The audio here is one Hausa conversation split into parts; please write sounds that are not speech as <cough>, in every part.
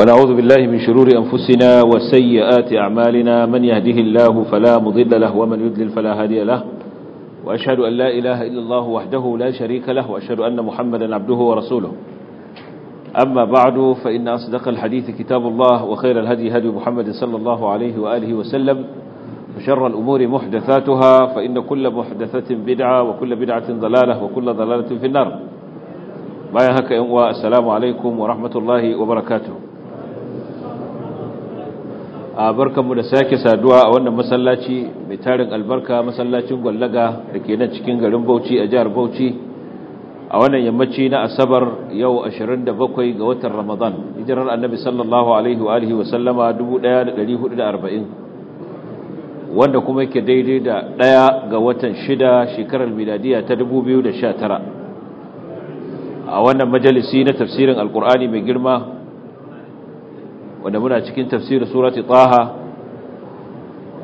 ونعوذ بالله من شرور أنفسنا وسيئات أعمالنا من يهده الله فلا مضل له ومن يدلل فلا هادي له وأشهد أن لا إله إلا الله وحده لا شريك له وأشهد أن محمدا عبده ورسوله أما بعد فإن أصدق الحديث كتاب الله وخير الهدي هدي محمد صلى الله عليه وآله وسلم وشر الأمور محدثاتها فإن كل محدثة بدعة وكل بدعة ضلالة وكل ضلالة في النار ما هكا السلام عليكم ورحمة الله وبركاته a barkanmu da sake saduwa a wannan masallaci mai tarin albarka masallacin gwallaga da ke nan cikin garin bauchi a jihar bauchi a wannan yammaci na asabar yau 27 ga watan ramadan hijirar annabi sallallahu alaihi wa alihi wa sallama 1440 wanda kuma yake daidai da ɗaya ga watan shida shekarar miladiya ta 2019 a wannan majalisi na tafsirin alkur'ani mai girma wanda muna cikin tafsirin surati taha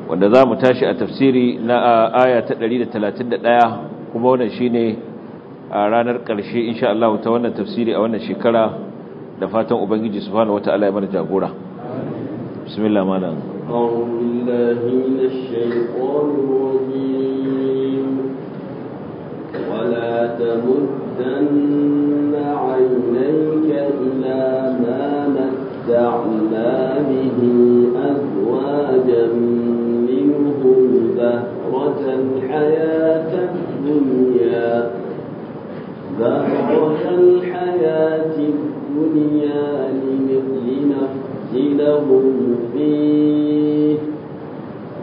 wanda za mu tashi a tafsiri na aya ta 131 kuma wannan ne a ranar ƙarshe insha Allah ta wannan tafsiri a wannan shekara da fatan ubangiji subhanahu wataala ya mana jagora bismillah malam أعوذ بالله من الشيطان الرجيم ولا تمدن عينيك إلى ومتعنا به أزواجا منهم زهرة الحياة الدنيا زهرة الحياة الدنيا لهم فيه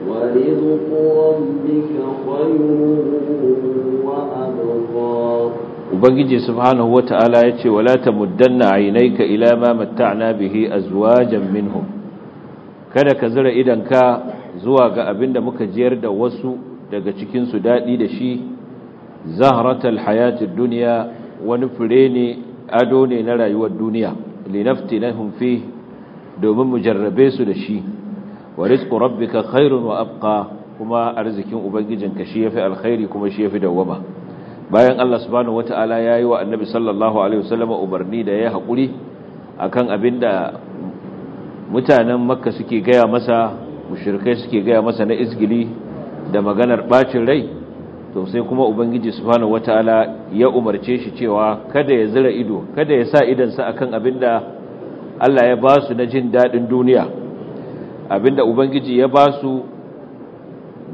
ورزق ربك خير وأبقى ubangiji subhanahu wata'ala ya ce wala tamuddanna aynayka ila ma matta'na bihi azwajan minhum kada ka zura ka zuwa ga abinda muka jiyar da wasu daga cikin su dadi da shi zahratal hayatid dunya wani fure ne ado ne na rayuwar duniya linaftinahum fi domin mujarrabe su da shi wa rizqu rabbika khairun wa abqa kuma arzikin ubangijinka shi yafi alkhairi kuma shi yafi dawwama bayan Allah subhanahu wata'ala ya yi wa annabi sallallahu alaihi wasallama umarni da ya yi haƙuri akan abinda mutanen makka suke gaya masa mushirkai suke gaya masa na izgili da maganar ɓacin rai to sai kuma ubangiji subhanahu wataala ya umarce shi cewa kada ya zira ido kada ya sa idansa akan abinda Allah ya ba su na jin daɗin duniya abinda ubangiji ya ba su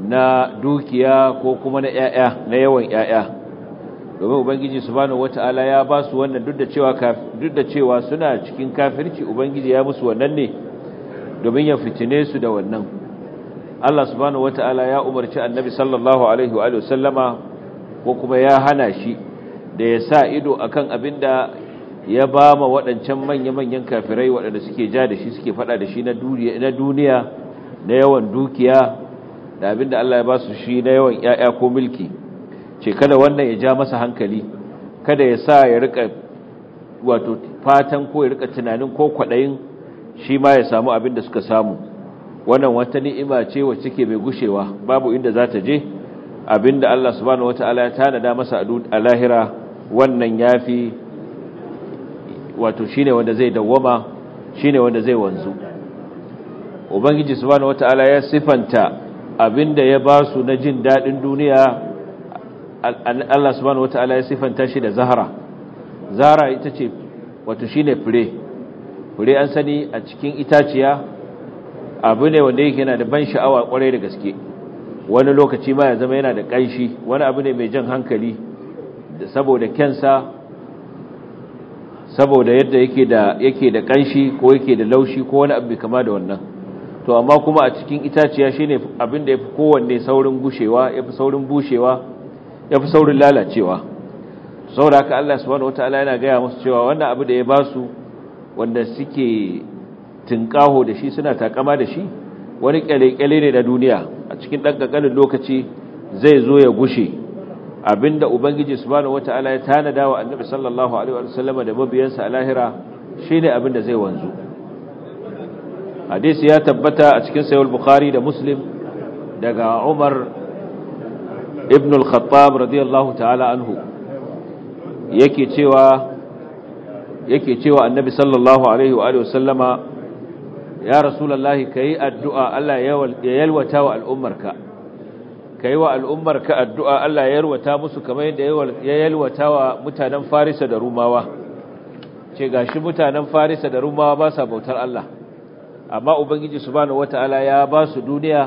na dukiya ko kuma na yaya na yawan yaya domin ubangiji subhanahu wataala ya ba su wannan duk da cewa duk da cewa suna cikin kafirci ubangiji ya musu wannan ne domin ya fitine su da wannan Allah subhanahu wataala ya umarci annabi sallallahu alaihi wa sallama ko kuma ya hana shi da ya sa ido akan abinda ya ba ma waɗancan manya-manyan kafirai waɗanda suke ja da shi suke faɗa da shi na duniya na yawan dukiya da abinda Allah ya ba su shi na yawan 'ya'ya ko mulki ce kada wannan ya ja masa hankali kada ya sa ya rika wato fatan ko ya rika tunanin ko kwadayin shi ma ya samu abin da suka samu wannan wata ni'ima ce wacce take mai gushewa babu inda za ta je abinda Allah subhanahu wataala ya tanada masa a lahira wannan yafi wato shine wanda zai dawwama shine wanda zai wanzu ubangiji subhanahu wataala ya sifanta abinda ya basu na jin dadin duniya Allah subhanahu wataala ya sifanta shi da zahara zahara ita ce wato shine fure fure an sani a cikin itaciya abu ne wanda yake yana da ban sha'awa kwarai da gaske wani lokaci ma ya zama yana da ƙanshi wani abu ne mai jan hankali saboda kensa saboda yadda yake da yake da kanshi ko yake da laushi ko wani abu kama da wannan to amma kuma a cikin itaciya shine abin da yafi kowanne saurin gushewa yafi saurin bushewa ya fi saurin lalacewa saura haka Allah subhanahu wataala yana gaya musu cewa wannan abu da ya ba su wanda suke tinkaho da shi suna takama da shi wani kyale-kyale ne da duniya a cikin ɗan lokaci zai zo ya gushe abinda ubangiji subhanahu wataala ya tanada wa annabi sallallahu alaihi wasallama da mabiyansa a lahira shine da zai wanzu hadisi ya tabbata a cikin sahih bukhari da muslim daga umar ibn al-khattab radiyallahu ta'ala anhu yake cewa yake cewa annabi sallallahu alaihi wa sallama ya rasulullahi kai addu'a Allah ya yalwata wa al'ummarka kai wa al'ummarka addu'a Allah ya yalwata musu kamar yadda ya yalwata wa mutanen Farisa da Rumawa ce gashi mutanen Farisa da Rumawa ba sa bautar Allah amma ubangiji subhanahu wataala ya ba su duniya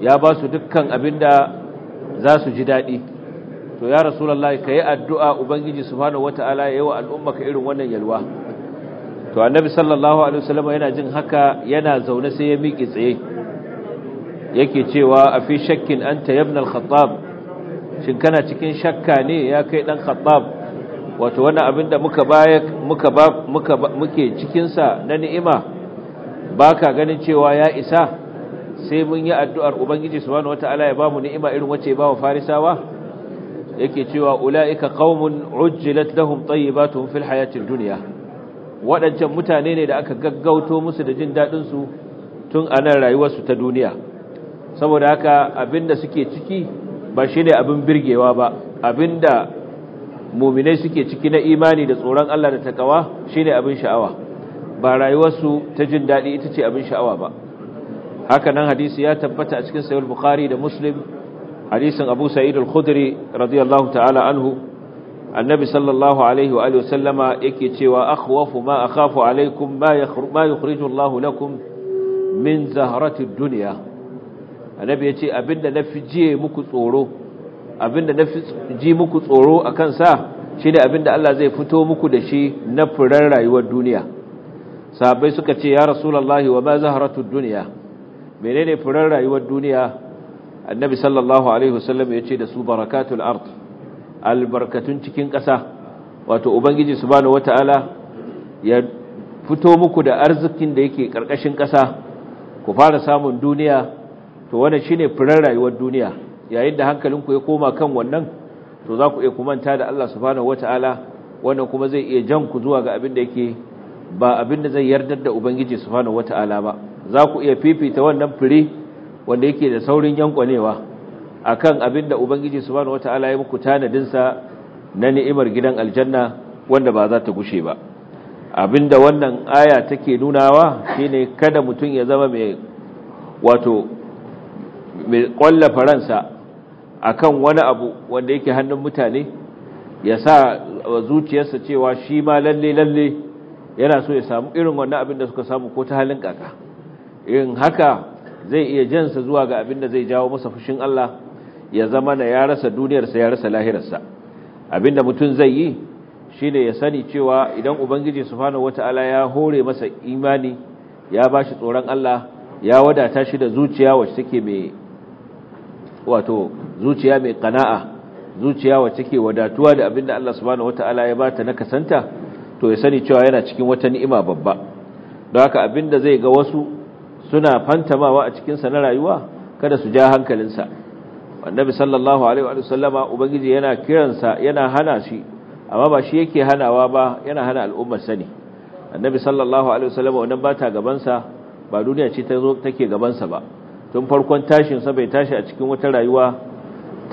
ya ba su dukkan abinda za su ji daɗi to ya rasulullahi ka yi addu'a ubangiji subhanahu wata'ala ya yi wa al'umma ka irin wannan yalwa to annabi sallallahu alaihi wasallama yana jin haka yana zaune sai ya miƙe tsaye yake cewa a fi shakkin an yabna al-khattab shin kana cikin shakka ne ya kai ɗan khattab wato wani abin da muka ba muke cikinsa na ni'ima Ba ka ganin cewa ya isa sai mun yi addu'ar ubangiji subhanahu wataala ya bamu ni'ima irin wacce ba wa farisawa yake cewa ulaika qaumun ujjilat lahum tayyibatuhum fil hayatid duniya. waɗancan mutane ne da aka gaggauto musu da jin dadin su tun anan rayuwar su ta duniya saboda haka abinda suke ciki ba shi ne abin birgewa ba abinda mu'minai suke ciki na imani da tsoron Allah da takawa shine abin sha'awa ba rayuwarsu ta jin daɗi ita ce abin sha'awa ba haka nan hadisi ya tabbata a cikin sahih bukhari da muslim hadisin abu sa'id al-khudri radiyallahu ta'ala anhu annabi sallallahu alaihi wa alihi wasallama yake cewa akhwafu ma akhafu alaikum ma ma yukhriju Allah lakum min zahrati ad-dunya annabi yace abinda nafi jiye muku tsoro abinda nafi ji muku tsoro akan sa shine abinda Allah zai fito muku da shi na furar rayuwar duniya sahabbai suka ce ya rasulullahi wa ma zahratu ad-dunya Mene ne furar rayuwar duniya annabi sallallahu alaihi wasallam ya ce da su barakatul ard albarkatun cikin ƙasa wato ubangiji subhanahu wataala ya fito muku da arzikin da yake karkashin ƙasa ku fara samun duniya to wannan shine furar rayuwar duniya yayin da hankalinku ya koma kan wannan to za ku iya kumanta da Allah subhanahu wataala wannan kuma zai iya jan ku zuwa ga abin da yake ba abin da zai yardar da ubangiji subhanahu wataala ba za ku iya fifita wannan fure wanda yake da saurin yankwanewa kan abin da ubangiji wata wata ya muku tanadinsa na ni'imar gidan aljanna wanda ba za ta gushe ba abin da wannan aya take nunawa shine kada mutum ya zama mai wato mai faransa ransa akan wani abu wanda yake hannun mutane ya sa zuciyarsa cewa shi ma lalle lalle yana so ya samu irin wannan abin da suka samu ko ta halin kaka In haka zai iya jansa zuwa ga abin da zai jawo masa fushin Allah ya zama na ya rasa duniyarsa ya rasa lahirarsa abin da mutum zai yi shine ya sani cewa idan ubangiji subhanahu wataala ya hore masa imani ya bashi tsoron Allah ya wadata shi da zuciya wacce take mai wato zuciya mai qana'a zuciya wacce take wadatuwa da abin da Allah subhanahu wataala ya bata na kasanta to ya sani cewa yana cikin wata ni'ima babba don haka abin da zai ga wasu suna fantamawa a cikinsa na rayuwa kada su ja hankalinsa annabi sallallahu alaihi wa sallama ubangiji yana kiransa yana hana shi amma ba shi yake hanawa ba yana hana al'ummar sani annabi sallallahu alaihi wa sallama wannan ba ta gabansa ba duniya ce ta zo take gabansa ba tun farkon tashinsa bai tashi a cikin wata rayuwa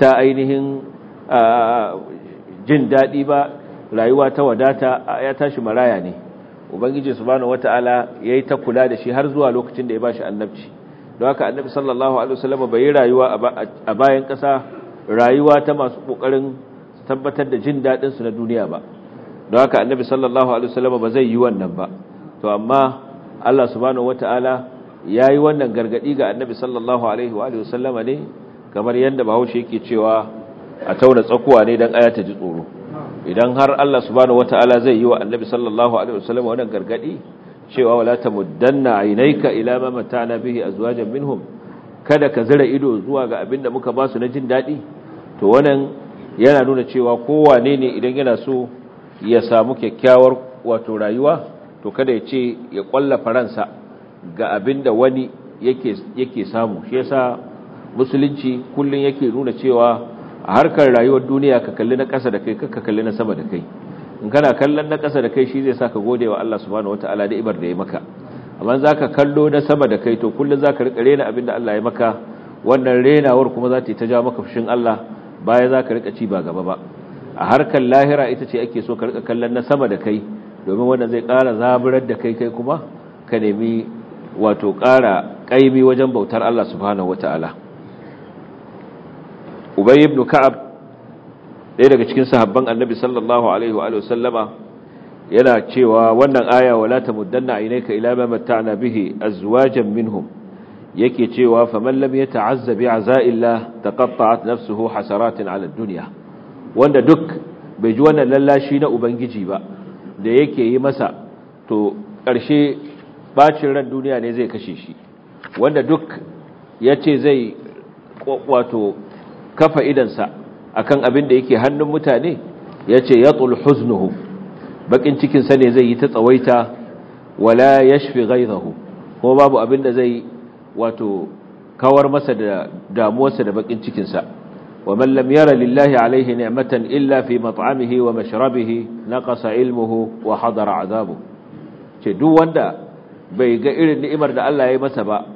ta ainihin ah, jin daɗi ba rayuwa ta wadata ya tashi maraya ne ubangiji subhanahu wataala yayi ta kula da shi har zuwa lokacin da ya bashi annabci don haka annabi sallallahu alaihi wasallam bai rayuwa a bayan ƙasa rayuwa ta masu kokarin tabbatar da jin dadin su na duniya ba don haka annabi sallallahu alaihi wasallam ba zai yi wannan ba to amma Allah subhanahu wataala yayi wannan gargadi ga annabi sallallahu alaihi wa sallama ne kamar yadda bahaushe yake cewa a tauna tsakuwa ne dan aya ta ji tsoro idan har Allah subhanahu wataala zai yi wa annabi sallallahu alaihi wasallam wannan gargadi cewa wala tamuddanna aynayka ila ma mata'na bihi azwajan minhum kada ka zira ido zuwa ga abin da muka ba su na jin dadi to wannan yana nuna cewa kowane ne idan yana so ya samu kyakkyawar wato rayuwa to kada ya ce ya kwallafa faransa ga da wani yake yake samu shi yasa musulunci kullun yake nuna cewa a harkar rayuwar duniya ka kalli na ƙasa da kai ka kalli na sama da kai in kana kallon na ƙasa da kai shi zai sa ka gode wa Allah subhanahu wataala da ibar da ya maka amma za ka kallo na sama da kai to kullum za ka riƙa rena abin da Allah ya maka wannan renawar kuma za ta yi ta ja maka fushin Allah baya za ka riƙa ci ba gaba ba a harkar lahira ita ce ake so ka riƙa kallon na sama da kai domin wannan zai ƙara zaburar da kai kai kuma ka nemi wato ƙara ƙaimi wajen bautar Allah subhanahu wata'ala ubay ibn ka'ab ɗaya daga cikin sahabban annabi sallallahu alaihi wa sallama yana cewa wannan aya wala tamuddanna aynaka ila ma matta'na bihi azwajan minhum yake cewa faman lam yata'azza bi azaillah taqatta'at nafsuhu hasaratin 'ala ad-dunya wanda duk bai ji wannan lallashi na ubangiji ba da yake yi masa to ƙarshe bacin ran duniya ne zai kashe shi wanda duk yace zai wato kafa idansa akan abin da yake hannun mutane ya yace tsul huznuhu bakin cikin sa ne zai yi ta tsawaita wala yashfi ghaydahu ko babu abin da zai wato kawar masa da damuwarsa da bakin cikin sa yara lillahi alaihi ni'matan illa fi mat'amihi wa mashrabihi naqasa ilmuhu wa hadara azabu. ce duk wanda bai ga irin ni'imar da Allah ya yi masa ba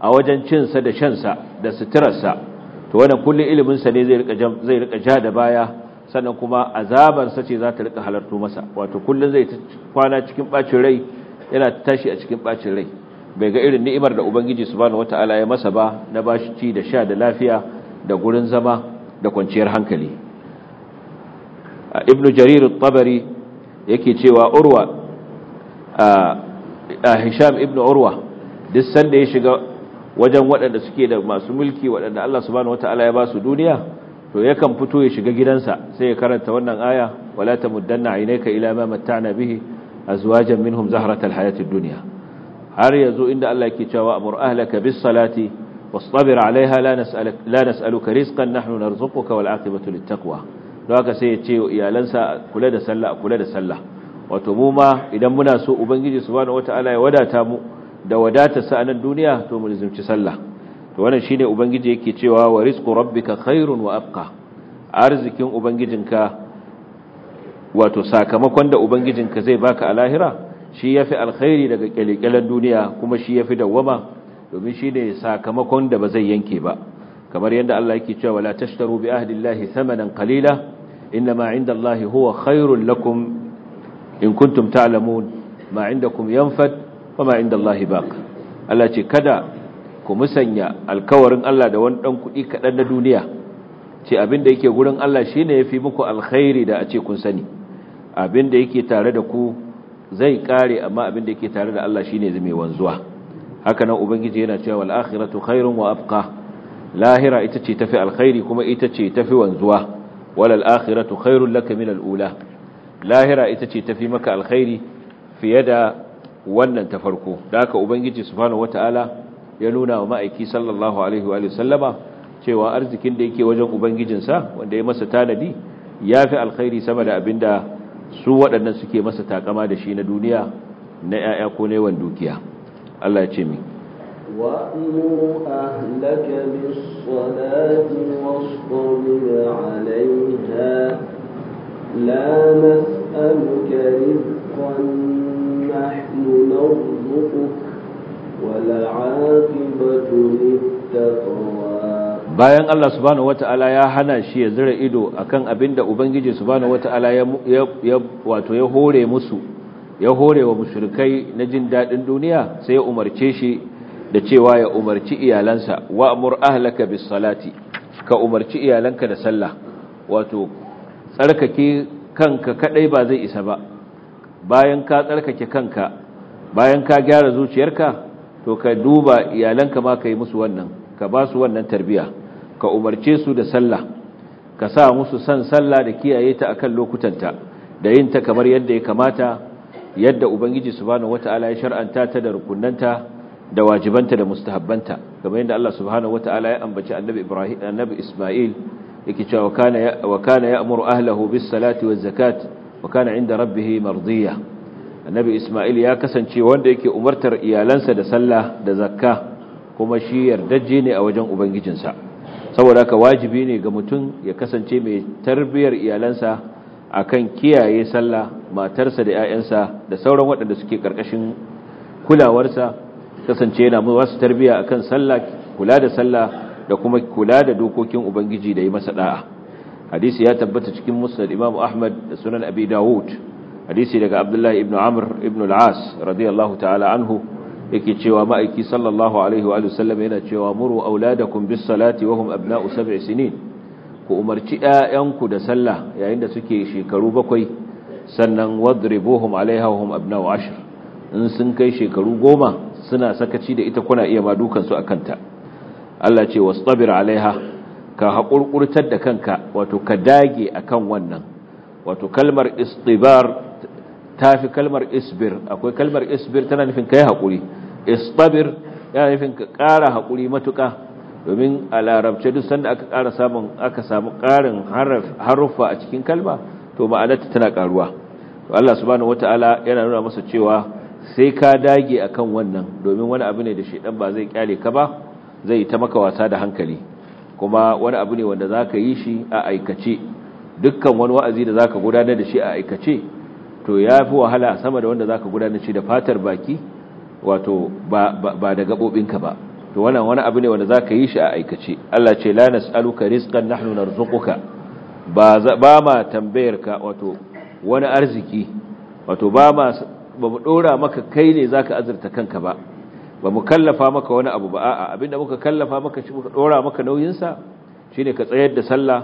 a wajen cinsa da shansa da suturarsa to wannan kullun ilimin sa ne zai rika zai rika ja da baya sannan kuma azabar sa ce za ta rika halarto masa wato kullun zai ta kwana cikin bacin rai yana tashi a cikin bacin rai bai ga irin ni'imar da ubangiji subhanahu wataala ya masa ba na bashi ci da sha da lafiya da gurin zama da kwanciyar hankali ibnu jarir at-tabari yake cewa urwa a hisham ibnu urwa duk sanda ya shiga wajen waɗanda suke da masu mulki waɗanda Allah subhanahu wata'ala ya ba su duniya to yakan fito ya shiga gidansa sai ya karanta wannan aya wala tamuddanna aynaka ila ma matta'na bihi azwajan minhum zahratal hayatid dunya har yazo inda Allah yake cewa amur ahlaka bis salati wastabir alaiha la nas'aluka la nas'aluka rizqan nahnu narzuquka wal aqibatu lit taqwa don sai ya ce iyalansa kula da sallah kula da sallah wato mu ma idan muna so ubangiji subhanahu wata'ala ya wadata mu da wadatarsa a duniya to mu lizimci sallah to wannan shine ubangiji yake cewa wa rizqu rabbika khairun wa abqa arzikin ubangijinka wato sakamakon da ubangijinka zai baka a lahira shi yafi alkhairi daga kyalkyalan duniya kuma shi yafi dawwama domin shine sakamakon da ba zai yanke ba kamar yadda Allah yake cewa la tashtaru bi ahdillahi thamanan qalila inma indallahi huwa khairul lakum in kuntum ta'lamun ma indakum yanfad wa ma inda Allah baq Allah ce kada ku musanya alkawarin Allah da wani dan kuɗi kaɗan na duniya ce abinda yake gurin Allah shine yafi muku alkhairi da a ce kun sani abinda yake tare da ku zai kare amma abinda yake tare da Allah shine zai mai wanzuwa haka nan ubangiji yana cewa wal akhiratu khairun wa abqa lahira ita ce tafi alkhairi kuma ita ce tafi wanzuwa wal akhiratu khairul laka min al'ula lahira ita ce tafi maka alkhairi fiye da wannan ta farko da haka ubangiji subhanahu wataala ya nuna wa ma'aiki sallallahu alaihi wa sallama cewa arzikin da yake wajen ubangijinsa wanda ya masa tanadi ya fi alkhairi sama da abinda su waɗannan suke masa takama da shi na duniya na ƴaƴa ko na yawan dukiya Allah ya ce min. mi وأمر أهلك بالصلاة واصطبر عليها لا نسألك رزقا bayan Allah subhanahu wata'ala ya hana shi ya zira ido akan abinda ubangiji subhanahu wata'ala ya wato ya hore musu ya hore wa mushrikai na jin dadin duniya sai ya umarce shi da cewa ya umarci iyalansa wa amur ahlaka bis salati ka umarci iyalanka da sallah wato tsarkake kanka kadai ba zai isa ba bayan ka tsarkake kanka bayan ka gyara zuciyarka to ka duba iyalanka ma ka yi musu wannan ka ba su wannan tarbiya ka umarce su da sallah ka sa musu san sallah da kiyaye ta akan lokutanta da yin ta kamar yadda ya kamata yadda ubangiji subhanahu wataala ya shar'anta ta da rukunanta da wajibanta da mustahabbanta kamar yadda Allah subhanahu wataala ya ambaci annabi Ibrahim annabi Isma'il yake cewa wa kana ya'muru ahlihi bis salati waz zakat wa kana 'inda rabbih mardiya annabi Ismail ya kasance wanda yake umartar iyalansa da sallah da zakka kuma shi yardaje ne a wajen ubangijinsa saboda haka wajibi ne ga mutum ya kasance mai tarbiyar iyalansa akan kiyaye sallah matarsa da 'ya'yansa da sauran waɗanda suke ƙarƙashin kulawarsa kasance yana wasu tarbiya akan sallah kula da sallah da kuma kula da dokokin ubangiji da yi masa da'a hadisi ya tabbata cikin musnad imam ahmad da sunan abi dawud hadisi daga abdullahi ibn amr ibn al radiyallahu ta'ala anhu yake cewa ma'aiki sallallahu alaihi wa sallam yana cewa muru auladakum bis salati wa hum abna'u sab'i sinin ku umarci ƴaƴanku da sallah yayin da suke shekaru bakwai sannan wadribuhum alaiha wa hum abna'u ashr in sun kai shekaru goma suna sakaci da ita kuna iya ma dukan su akan Allah ce wastabir alaiha ka haƙurƙurtar da kanka wato ka dage akan wannan wato kalmar istibar ta fi kalmar isbir akwai kalmar isbir tana nufin kai haƙuri isbabir yana nufin ka ƙara haƙuri matuƙa domin a larabce duk sanda aka ƙara samun aka samu ƙarin haruffa a cikin kalma to ma'anarta tana ƙaruwa Allah subhanahu wata'ala yana nuna masa cewa sai ka dage akan wannan domin wani abu ne da shedan ba zai kyale ka ba zai ta maka wasa da hankali kuma wani abu ne wanda zaka yi shi a aikace dukkan wani wa'azi da zaka gudanar da shi a aikace to ya fi wahala sama da wanda za ka gudanar shi da fatar baki wato ba da gaɓoɓinka ba to wannan wani abu ne wanda za ka yi shi a aikace Allah ce la aluka rizqan nahnu narzuquka ba ba ma tambayar ka wato wani arziki wato ba ma ba mu dora maka kai ne za ka azurta kanka ba ba mu kallafa maka wani abu ba a'a abinda muka kallafa maka shi muka dora maka nauyinsa shi shine ka tsayar da sallah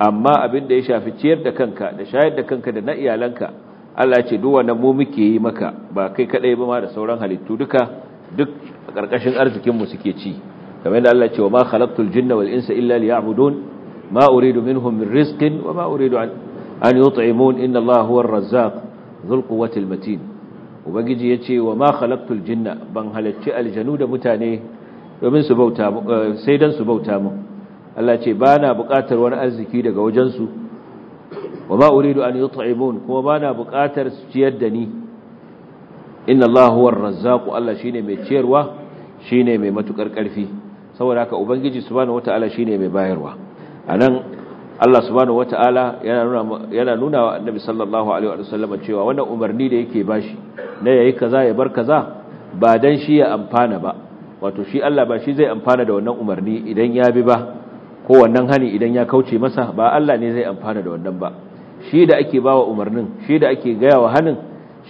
amma abinda ya shafi ciyar da kanka da shayar da kanka da na iyalanka Allah ce duk wannan mu muke yi maka ba kai kadai ba ma da sauran halittu duka duk karkashin arzikin mu suke ci kamar yadda Allah ce wa ma khalaqtul jinna wal insa illa liya'budun ma uridu minhum min rizqin wa ma uridu an yut'imun inna Allah ar razzaq dhul quwwati al matin ubangiji yace wa ma khalaqtul jinna ban halacci aljanu da mutane domin su bauta eh, sai dan su bauta mu Allah ce ba na buƙatar wani arziki daga wajensu wa ma uridu an yut'imun kuma ba na buƙatar su ciyar da ni inna Allahu huwa ar-razzaq Allah shine mai ciyarwa shine mai matukar ƙarfi saboda haka ubangiji subhanahu wataala shine mai bayarwa anan Allah subhanahu wataala yana nuna yana nuna wa annabi sallallahu alaihi wa sallam cewa wannan umarni da yake bashi na yayi kaza ya bar kaza ba dan shi ya amfana ba wato shi Allah ba shi zai amfana da wannan umarni idan ya bi ba ko wannan hani idan ya kauce masa ba Allah ne zai amfana da wannan ba shi da ake bawa umarnin shi da ake gaya wa hannun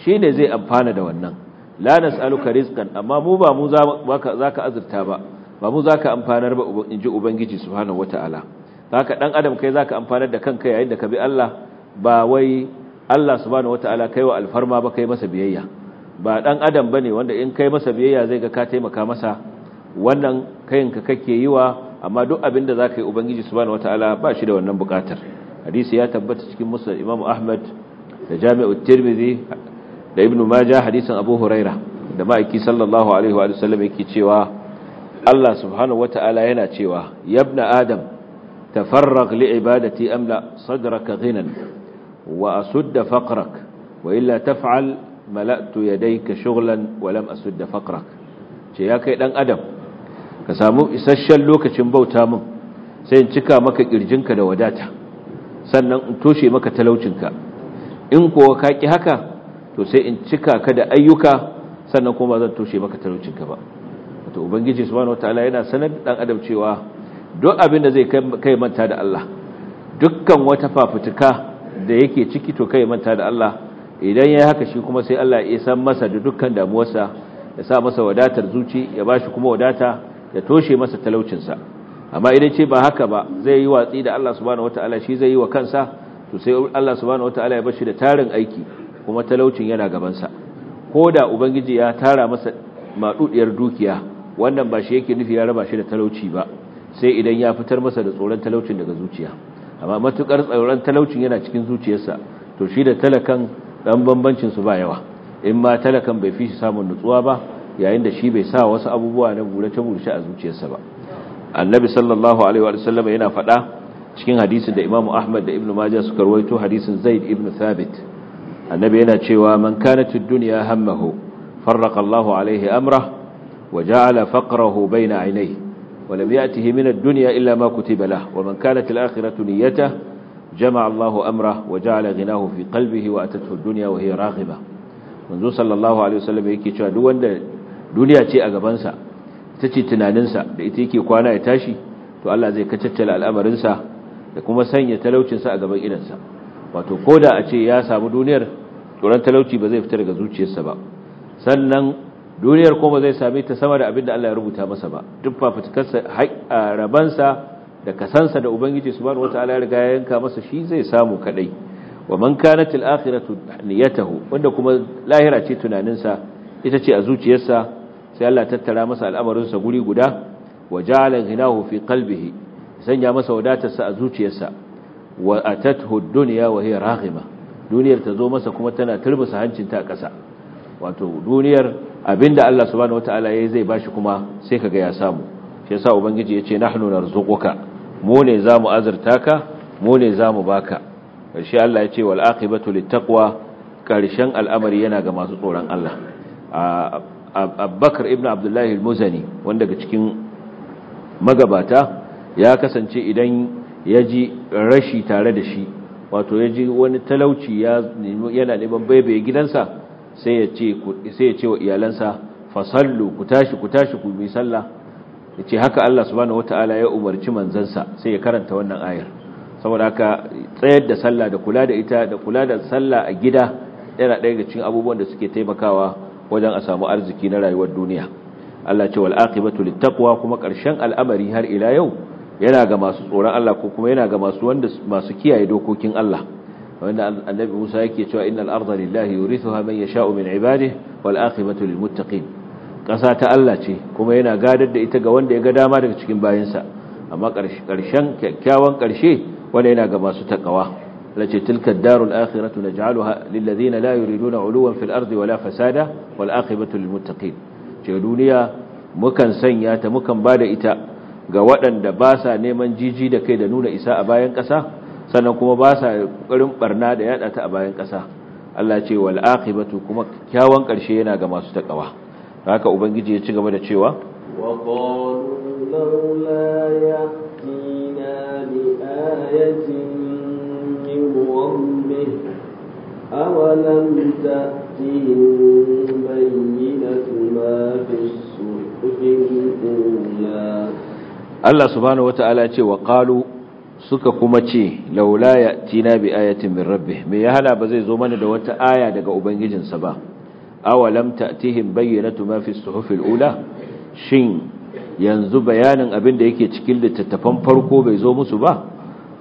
shi ne zai amfana da wannan la nas'aluka rizqan amma mu ba mu za ka azurta ba ba mu za ka amfanar ba inji ubangiji subhanahu wataala ka dan adam kai za ka amfanar da kanka yayin da ka bi Allah ba wai Allah subhanahu wataala kai wa alfarma ba kai masa biyayya ba dan adam bane wanda in kai masa biyayya zai ga ka taimaka masa wannan ka kake yiwa amma duk abin da za ka yi ubangiji subhanahu wataala ba shi da wannan bukatar hadisi ya tabbata cikin musnad Imam Ahmad da Jami'u Tirmidhi da Ibn Majah hadisin Abu Huraira da ma'aiki sallallahu alaihi wa sallam yake cewa Allah subhanahu wata'ala yana cewa yabna adam tafarraq li ibadati amla sadraka ghinan wa asudda faqrak wa illa taf'al mala'tu yadayka shughlan wa lam asudda faqrak ce ya kai dan adam ka samu isasshen lokacin bauta mun sai in cika maka kirjinka da wadata sannan in toshe maka talaucinka in kuwa ka ki haka to sai in cika ka da ayyuka sannan kuma zan toshe maka talaucinka ba wato ubangiji subhanahu wataala yana sanar da dan adam cewa duk abin da zai kai manta da Allah dukkan wata fafutuka da yake ciki to kai manta da Allah idan yayi haka shi kuma sai Allah ya san masa da dukkan damuwarsa ya sa masa wadatar zuci ya bashi kuma wadata ya toshe masa talaucinsa amma idan ce ba haka ba zai yi watsi da Allah subhanahu wataala shi zai yi wa kansa to sai Allah subhanahu wataala ya bashi da tarin aiki kuma talaucin yana gaban sa da ubangiji ya tara masa maduɗiyar dukiya wannan ba shi yake nufi ya raba shi da talauci ba sai idan ya fitar masa da tsoron talaucin daga zuciya amma matukar tsoron talaucin yana cikin zuciyarsa to shi da talakan dan bambancin su ba yawa in ma talakan bai fi shi samun nutsuwa ba yayin da shi bai sa wasu abubuwa na burace-burace a zuciyarsa ba annabi sallallahu alaihi wa sallam yana faɗa cikin hadisin da imamu ahmad da ibnu majah suka rawaito hadisin zaid ibnu thabit annabi yana cewa man kanat ad-dunya hammahu farraqa Allahu alaihi amra wa ja'ala faqrahu bayna aynayhi wa lam ya'tihi min ad-dunya illa ma kutiba lahu wa man kanat al-akhiratu niyyatahu جمع الله أمره وجعل غناه في قلبه وأتته الدنيا وهي راغبة منذ sallallahu alaihi wa sallam yake cewa duk wanda duniya ce a gabansa ita ce tunaninsa da ita yake kwana ya tashi to Allah zai kacaccala al'amarinsa da kuma sanya talaucinsa a gaban idansa wato ko da a ce ya samu duniyar tsoron talauci ba zai fita daga zuciyarsa ba sannan duniyar ko zai same ta sama da abin da Allah ya rubuta masa ba duk fafutukarsa rabansa da kasansa da ubangiji subhanahu wataala ya riga ya yanka masa shi zai samu kadai wa man kanat al-akhiratu niyatahu wanda kuma lahira ce tunaninsa ita ce a zuciyarsa sai Allah tattara masa al'amarinsa guri guda wa ja'ala ghinahu fi qalbihi sanya masa wadatarsa a zuciyarsa wa atathu ad-dunya wa hiya raghima duniyar ta zo masa kuma tana turbusa hancinta a ƙasa wato duniyar abinda Allah subhanahu wataala yayi zai bashi kuma sai kaga ya samu shi yasa ubangiji yace nahnu narzuquka mu ne zamu azurta ka mu ne zamu baka shi Allah yace wal aqibatu littaqwa karshen al'amari yana ga masu tsoron Allah ah, abubakar ibn abdullahi al-muzani wanda daga cikin magabata ya kasance idan ya ji rashi tare da shi wato ya ji wani talauci yana neman baibaye gidansa sai ya ce wa iyalansa fasallu ku tashi ku tashi ku bi sallah ya ce haka Allah subhanahu wata'ala ya umarci manzansa sai ya karanta wannan ayar saboda haka tsayar da sallah da kula da ita da kula da sallah a gida yana ɗaya ga cikin abubuwan da suke taimakawa wajen a samu arziki na rayuwar duniya Allah ce wal aqibatu littaqwa kuma ƙarshen al'amari har ila yau yana ga masu tsoron Allah ko kuma yana ga masu wanda masu kiyaye dokokin Allah wanda annabi Musa yake cewa innal arda lillahi yurithuha man yasha'u min ibadihi wal aqibatu lil muttaqin ƙasa ta Allah ce kuma yana gadar da ita ga wanda ya ga dama daga cikin bayinsa amma ƙarshen kyakkyawan ƙarshe wanda yana ga masu takawa التي تلك الدار الآخرة نجعلها للذين لا يريدون علوا في fasada ولا فسادا والآخبة للمتقين جدونيا mukan sanya ta mukan ba da ita ga waɗanda ba sa neman jiji da kai da nuna isa a bayan kasa sannan kuma ba sa ƙoƙarin barna da yaɗa ta a bayan kasa Allah ce wal kuma kyawun ƙarshe yana ga masu takawa haka ubangiji ya ci gaba da cewa wa qalu laula ya'tina bi ayatin ربه أولم تأتهم بينة ما في الصحف الأولى Allah subhanahu wata'ala ce wa qalu suka kuma ce laula tina bi ayatin min rabbi me ya hala ba zai zo mana da wata aya daga ubangijinsa ba awalam ta'tihim bayyinatu ma fi suhufil ula shin yanzu bayanin abin da yake cikin littattafan farko bai zo musu ba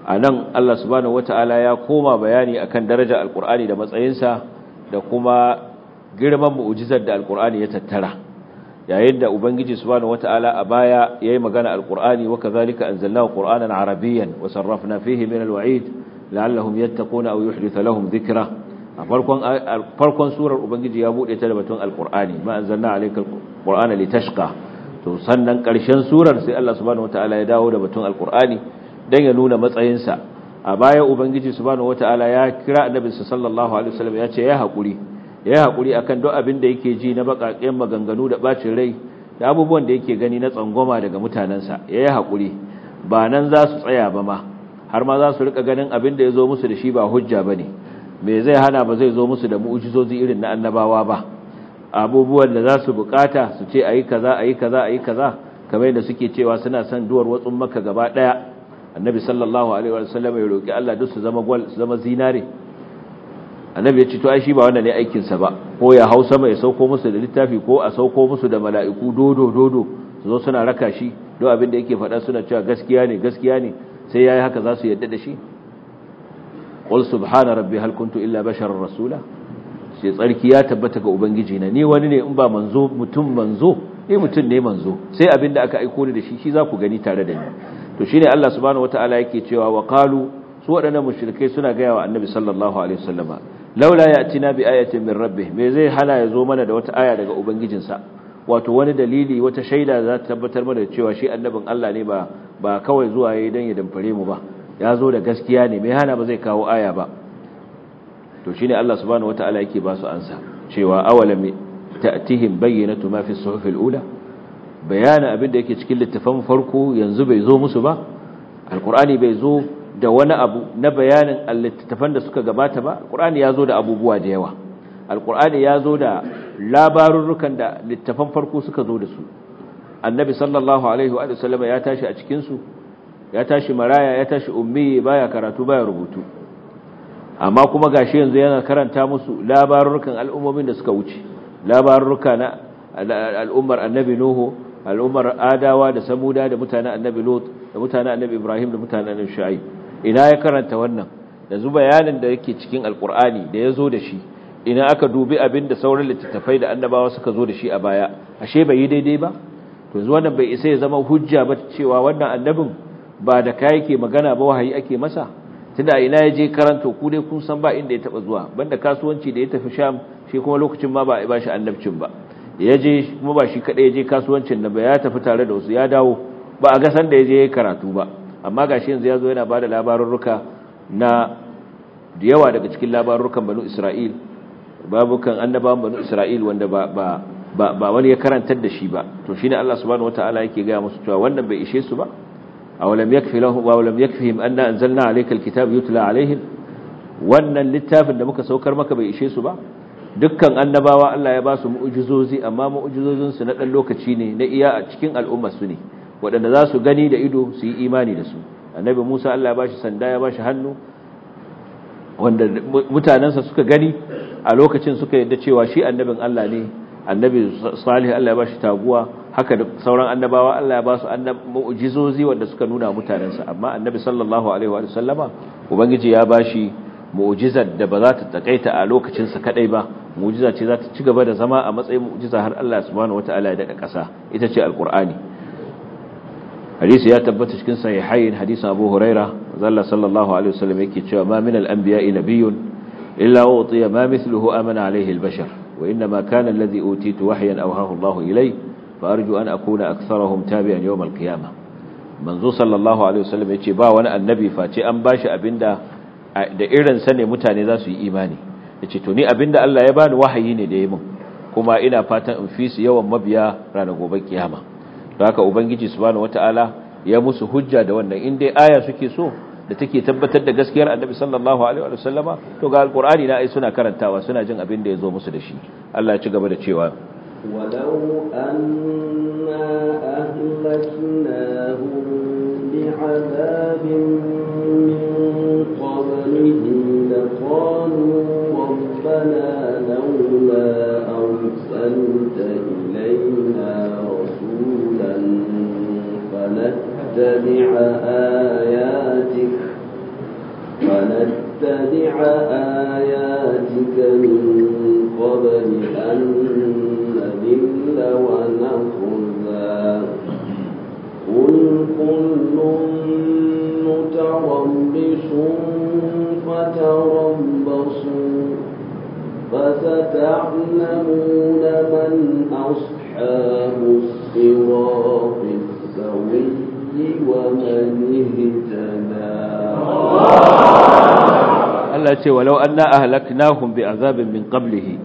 a nan Allah subhanahu wata'ala ya koma bayani akan darajar alkur'ani da matsayinsa da kuma girman mu'ujizar da alkur'ani ya tattara yayin da ubangiji subhanahu wata'ala a baya yayi magana alkur'ani wa kazalika anzalnahu qur'anan arabiyyan wa sarrafna fihi min alwa'id la'allahum yattaquna aw yuhdithu lahum dhikra a farkon farkon surar ubangiji ya bude ta da batun alkur'ani ma anzalna alayka alqur'ana litashqa to sannan karshen surar sai Allah subhanahu wata'ala ya dawo da batun alkur'ani dan ya nuna matsayinsa a baya ubangiji subhanahu wataala ya kira annabinsa sallallahu alaihi wasallam ya ce ya haƙuri ya haƙuri akan duk abin da yake ji na baƙaƙen maganganu da bacin rai da abubuwan da yake gani na tsangwama daga mutanensa ya yi haƙuri ba nan za su tsaya ba ma har ma za su rika ganin abin da ya zo musu da shi ba hujja ba ne me zai hana ba zai zo musu da mu'ujizozi irin na annabawa ba abubuwan da za su bukata su ce a yi kaza a yi kaza a yi kaza kamar yadda suke cewa suna son duwar watsun maka gaba ɗaya annabi sallallahu alaihi wa sallam ya roki Allah duk su zama gwal su zama zinare annabi ya ce to ai shi ba wannan ne aikin sa ba ko ya hausa mai sauko musu da littafi ko a sauko musu da mala'iku dodo dodo su zo suna raka shi duk abin da yake faɗa suna cewa gaskiya ne gaskiya ne sai yayi haka za su yadda da shi qul subhana rabbi hal kuntu illa basharar rasula sai tsarki ya tabbata ga ubangiji na ni wani ne in ba manzo mutum manzo ni mutum ne manzo sai abin da aka aiko ni da shi shi za ku gani tare da ni to shine Allah subhanahu wataala yake cewa wa qalu su waɗannan mushrikai suna gaya wa annabi sallallahu alaihi wasallama laula yatina bi ayatin min rabbih me zai hana ya zo mana da wata aya daga ubangijinsa wato wani dalili wata shaida za ta tabbatar mana cewa shi annabin Allah ne ba ba kawai zuwa ya yi dan ya damfare mu ba ya zo da gaskiya ne me hana ba zai kawo aya ba to shine Allah subhanahu wataala yake ba su ansa cewa awalam ta'tihim bayyinatu ma fi suhufil ula bayanin abin da yake cikin littafan farko yanzu bai zo musu ba alqur'ani bai zo da wani abu na bayanin littafan da suka gabata ba alqur'ani ya zo da abubuwa da yawa alqur'ani ya zo da labarurrukan da littafan farko suka zo da su annabi sallallahu alaihi wa sallam ya tashi a cikinsu. ya tashi maraya ya tashi ummi baya karatu baya rubutu amma kuma gashi yanzu yana karanta musu labarurrukan al'ummomin da suka wuce labarurruka na al'ummar annabi nuhu al'ummar adawa da samuda da mutanen annabi lot da mutanen annabi ibrahim da mutanen annabi shu'aib ina ya karanta wannan yanzu bayanin da yake cikin alqur'ani da ya zo da shi ina aka dubi abin da sauran littattafai da annabawa suka zo da shi a baya ashe bai yi daidai ba to yanzu wannan bai isa ya zama hujja ba cewa wannan annabin ba da kai yake magana ba wahayi ake masa tunda ina ya je karanta ku dai kun san ba inda ya taba zuwa banda kasuwanci da ya tafi sham shi kuma lokacin ma ba a ba shi annabcin ba ya je kuma ba shi kaɗai ya je kasuwancin na ba ya tafi tare da wasu ya dawo ba a gasan da ya je ya karatu ba amma ga shi yanzu ya zo yana ba da labarurruka na da yawa daga cikin labarurrukan banu isra'il babukan annabawan banu isra'il wanda ba ba ba, ba wani ya karantar da shi ba to shi ne Allah subhanahu wataala yake gaya musu cewa wannan bai ishe su ba awalam yakfi lahum wa awalam yakfihim anna anzalna alayka alkitaba yutla alayhim wannan littafin da muka saukar maka bai ishe su ba dukkan annabawa Allah ya ba su mu'ujizozi amma mu'ujizozinsu na ɗan lokaci ne na iya a cikin al'ummarsu ne waɗanda za su gani da ido su yi imani da su annabi musa Allah ya ba shi sanda ya ba shi hannu wanda mutanensa suka gani a lokacin suka yadda cewa shi annabin Allah ne annabi salih Allah ya ba shi taguwa haka da sauran annabawa Allah ya ba su mu'ujizozi wanda suka nuna mutanensa amma annabi sallallahu alaihi wa sallama ubangiji ya ba shi mu'jizar da ba za ta takaita a lokacinsa kadai ba mu'jiza ce za ta ci gaba da zama a matsayin mu'jiza har Allah subhanahu wataala ya daga ƙasa ita ce alqur'ani hadisi ya tabbata cikin sahihain hadisin Abu Huraira zalla sallallahu alaihi wasallam yake cewa ma min al-anbiya'i nabiyyun illa utiya ma mithluhu amana alaihi al-bashar wa inna ma kana alladhi utitu wahyan awhahu Allah ilay fa arju an akuna aktharahum tabi'an yawm al-qiyamah manzo sallallahu alaihi wasallam yace ba wani annabi face an bashi abinda da irin sa ne mutane za su yi imani da to ni da Allah ya bani wahayi ne da yayi min kuma ina fatan in fi su yawan mabiya ranar gobe kiyama da haka ubangiji subhanahu wataala ya musu hujja da wannan in dai aya suke so da take tabbatar da gaskiyar annabi sallallahu alaihi wa sallama to ga alqur'ani na ai suna karantawa suna jin abin da yazo musu da shi Allah ya ci gaba da cewa walau anna ahlaknahum bi'adabin min قبلهم لقالوا ربنا لولا أرسلت إلينا رسولا فنتبع آياتك فنتبع آياتك من قبل أن نذل ونخذا قل كل متربص فتربصوا فستعلمون من أصحاب الصراط السوي ومن اهتدى Allah ce walau anna ahlaknahum bi azabin min ƙablihi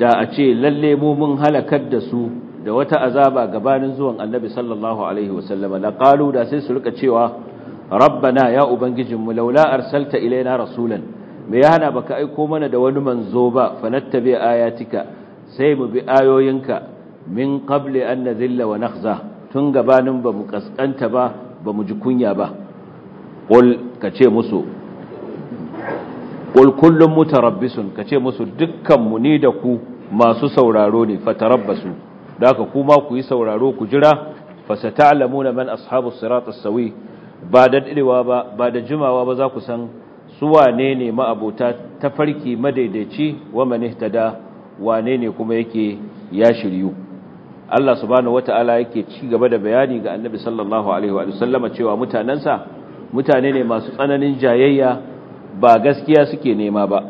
da a ce lalle mu mun halakar da su da wata azaba gabanin zuwan Annabi sallallahu alaihi wasallama da sai su rika cewa rabbana ya ubangijinmu laula arsalta ilaina rasulan me ya hana baka aiko mana da wani manzo ba fa fanattabi ayatika sai mu bi ayoyinka min qabli an nazilla wa nakhza tun gabanin ba mu kaskanta ba ba mu ji kunya ba qul kace musu qul kullum mutarabbisun kace musu dukkan mu ni da ku masu sauraro ne fatarabbasu da haka kuma ku yi sauraro ku jira fasata'lamuna man ashabu siratis sawi ba da dadewa ba ba da jimawa ba za ku san su wane ne ma'abota farki madaidaici wa da wane ne kuma yake ya shiryu Allah subhanahu wata'ala yake ci gaba da bayani ga Annabi sallallahu alaihi wa sallama cewa mutanansa mutane ne masu tsananin jayayya ba gaskiya suke nema ba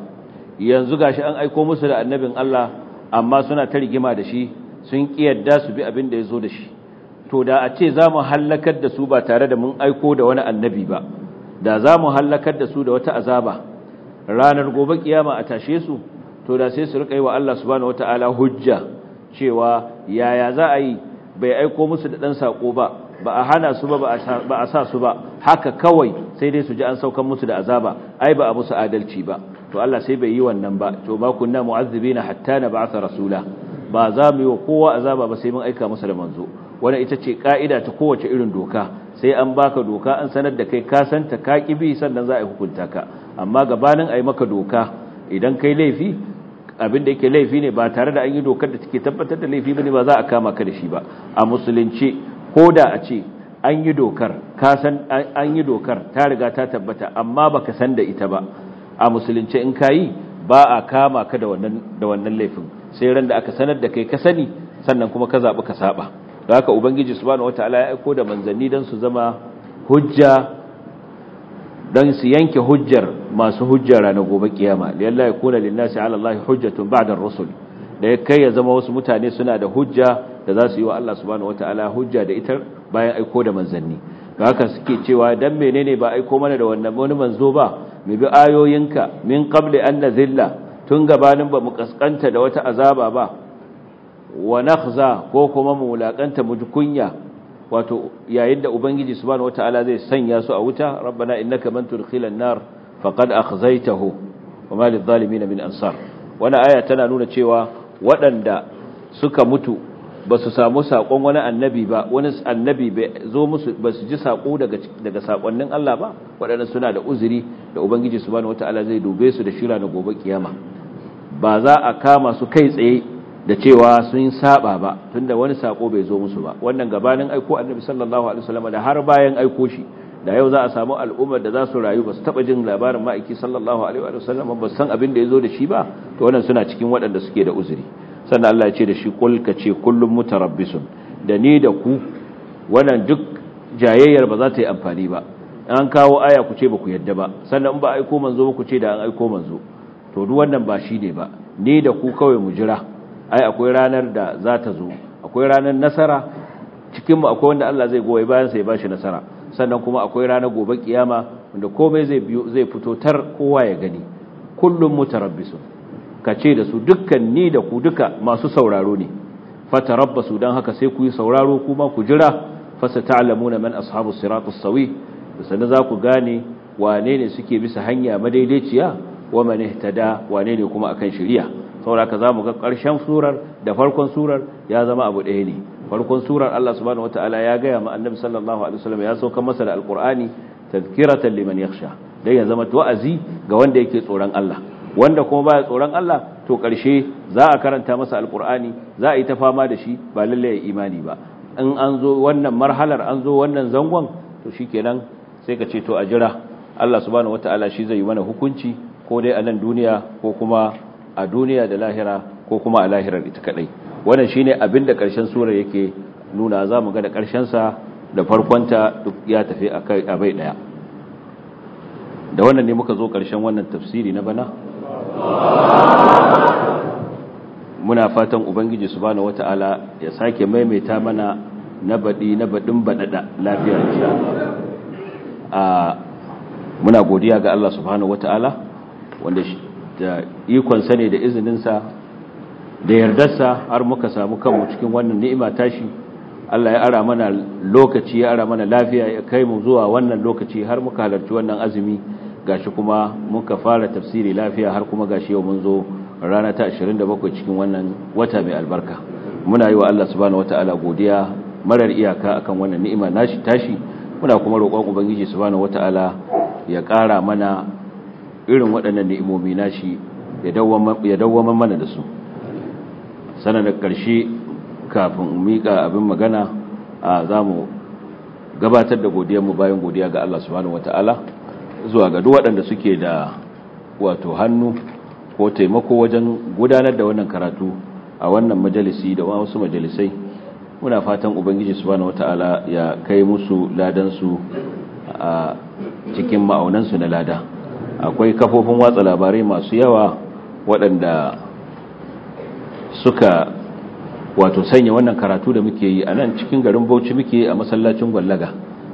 yanzu gashi an aiko musu da annabin Allah amma suna ta rigima da shi sun kiyarda su bi abin da ya zo da shi to da a ce za mu hallakar da su ba tare da mun aiko da wani annabi ba da za mu hallakar da su da wata azaba ranar gobe kiyama a tashe su to da sai su rika yi wa Allah subhanahu wataala hujja cewa yaya za a yi bai aiko musu da dan sako ba ba a hana su ba ba a sa su ba haka kawai sai dai su ji an saukan musu da azaba ai ba a musu adalci ba to Allah sai bai yi wannan ba to ba kunna mu'azzibina hatta na ba'atha rasula ba za mu yi wa kowa azaba ba sai mun aika musu da manzo wani ita ce ka'ida ta kowace irin doka sai an baka doka an sanar da kai kasanta santa ka kibi sannan za a hukunta ka amma gabanin a yi maka doka idan kai laifi abin da yake laifi ne ba tare da an yi dokar da take tabbatar da laifi bane ba za a kama ka da shi ba a musulunci ko da a ce an yi dokar ka san an yi dokar ta riga ta tabbata amma baka san da ita ba a musulunci in kayi ba a kama ka da wannan da wannan laifin sai ran da aka sanar da kai ka sani sannan kuma ka zaɓi ka saba da haka ubangiji subhanahu wataala ya aiko da manzanni don su zama hujja don su yanke hujjar masu hujjar ranar gobe kiyama lalla ya kuna linnasi ala Allah hujjatun ba'da rusul da ya kai ya zama wasu mutane suna da hujja da za su yi wa Allah subhanahu wataala hujja da ita bayan aiko da manzanni da haka suke cewa dan menene ba aiko mana da wannan wani manzo ba mu bi ayoyinka min qabli an nazilla tun gabanin ba mu kaskanta da wata azaba ba wa nakhza ko kuma mu mulakanta mu kunya wato yayin da ubangiji subhanahu wataala zai sanya su a wuta rabbana innaka man tudkhilan nar faqad akhzaytahu wama lidh-dhalimin min ansar wannan aya tana nuna cewa waɗanda suka mutu ba su samu saƙon wani annabi ba wani annabi bai zo musu ba su ji sako daga saƙonnin Allah ba waɗanda suna da uzuri da ubangiji subhanahu wataala zai dube su da shira na gobe kiyama ba za a kama su kai tsaye da cewa sun saba ba tunda wani sako bai zo musu ba wannan gabanin aiko annabi sallallahu alaihi wasallam da har bayan aiko shi da yau za a samu al'ummar da za su rayu ba su taba jin labarin ma'aiki sallallahu alaihi wasallam ba san abin da ya zo da shi ba to wannan suna cikin waɗanda suke da uzuri sannan Allah ya ce da shi kul ka ce kullum mutarabbisun da ni da ku wannan duk jayayyar ba za ta yi amfani ba an kawo aya ku ce ba ku yadda ba sannan ba aiko manzo ba ku ce da an aiko manzo to duk wannan ba shi ne ba ni da ku kawai mu jira ai akwai ranar da za ta zo akwai ranar nasara cikinmu akwai wanda Allah zai goyi bayan ya bashi nasara sannan kuma akwai ranar gobe kiyama wanda komai zai zai fito tar kowa ya gani kullum mutarabbisu ce da su dukkan ni da ku duka masu sauraro ne fatarabbasu dan haka sai ku yi sauraro kuma ku jira fasata'lamuna man ashabus siratus sawi sannan za ku gane wane ne suke bisa hanya madaidaiciya wa man ihtada wane ne kuma akan shari'a saboda za mu ga ƙarshen surar da farkon surar ya zama abu ɗaya ne farkon surar Allah subhanahu wataala ya gaya ma annabi sallallahu alaihi wasallam ya sauka masa da alqur'ani tazkiratan liman yakhsha dai ya zama wa'azi ga wanda yake tsoron Allah wanda kuma baya tsoron Allah to ƙarshe za a karanta masa alqur'ani za a yi ta fama da shi ba lalle ya imani ba in an zo wannan marhalar an zo wannan zangon to shikenan sai ka ce to a jira Allah subhanahu wataala shi zai yi mana hukunci ko dai a nan duniya ko kuma a duniya da lahira ko kuma a lahirar ita kadai wannan shine abin da karshen surar yake nuna za mu ga da karshen sa da farkonta duk ya tafi akai a bai daya da wannan ne muka zo karshen wannan tafsiri na bana muna fatan ubangiji subhanahu wataala ya sake maimaita mana na baɗi na baɗin lafiya insha a muna godiya ga Allah subhanahu wataala wanda da ikonsa ne da izininsa da yardarsa har muka samu kanmu cikin wannan ni'ima tashi Allah ya ara mana lokaci ya ara mana lafiya ya kai mu zuwa wannan lokaci har muka halarci wannan azumi gashi kuma muka fara tafsiri lafiya har kuma gashi yau mun zo rana ta 27 cikin wannan wata mai albarka muna yi wa Allah subhanahu wataala godiya marar iyaka akan wannan ni'ima nashi tashi muna kuma roƙon ubangiji subhanahu wataala ya ƙara mana irin waɗannan ni'imomi shi ya dawwama mana da su sanar da ƙarshe kafin miƙa abin magana a za mu gabatar da godiyarmu bayan godiya ga Allah subhanahu wata'ala zuwa ga duk waɗanda suke da wato hannu ko taimako wajen gudanar da wannan karatu a wannan majalisi da wasu majalisai muna fatan ubangiji subhanahu wata'ala ya kai musu ladan su a cikin ma'aunansu na lada akwai kafofin watsa labarai masu yawa waɗanda suka wato sanya wannan karatu da muke yi a nan cikin garin bauchi muke a masallacin gwallaga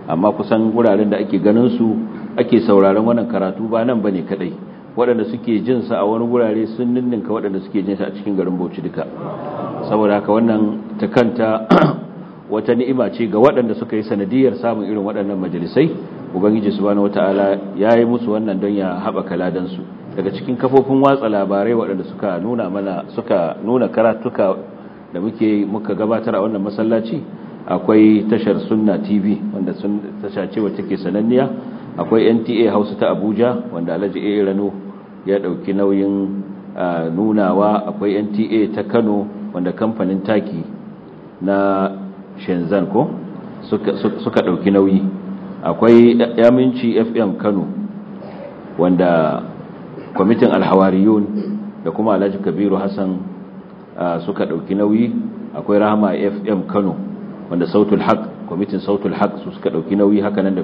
amma kusan wuraren da ake ganin su ake sauraron wannan karatu ba nan bane kadai waɗanda suke jin sa a wani wurare sun ninninka waɗanda suke jin sa a cikin garin bauchi duka saboda haka wannan ta kanta <clears throat> wata ni'ima ce ga waɗanda suka yi sanadiyar samun irin waɗannan majalisai ubangiji subhanahu wataala yi musu wannan don ya haɓaka ladan daga cikin kafofin watsa labarai waɗanda suka nuna mana suka nuna karatuka da muke muka gabatar a wannan masallaci akwai tashar sunna tv wanda sun tasha ce wacce ke sananniya akwai nta hausa ta abuja wanda alhaji a rano ya ɗauki nauyin nunawa akwai nta ta kano wanda kamfanin taki na shenzan ko suka ɗauki nauyi akwai yaminci fm kano wanda kwamitin alhawariyun da kuma alhaji kabiru hassan suka ɗauki nauyi akwai rahama fm kano wanda sautul haq kwamitin sautul haq su suka ɗauki nauyi haka nan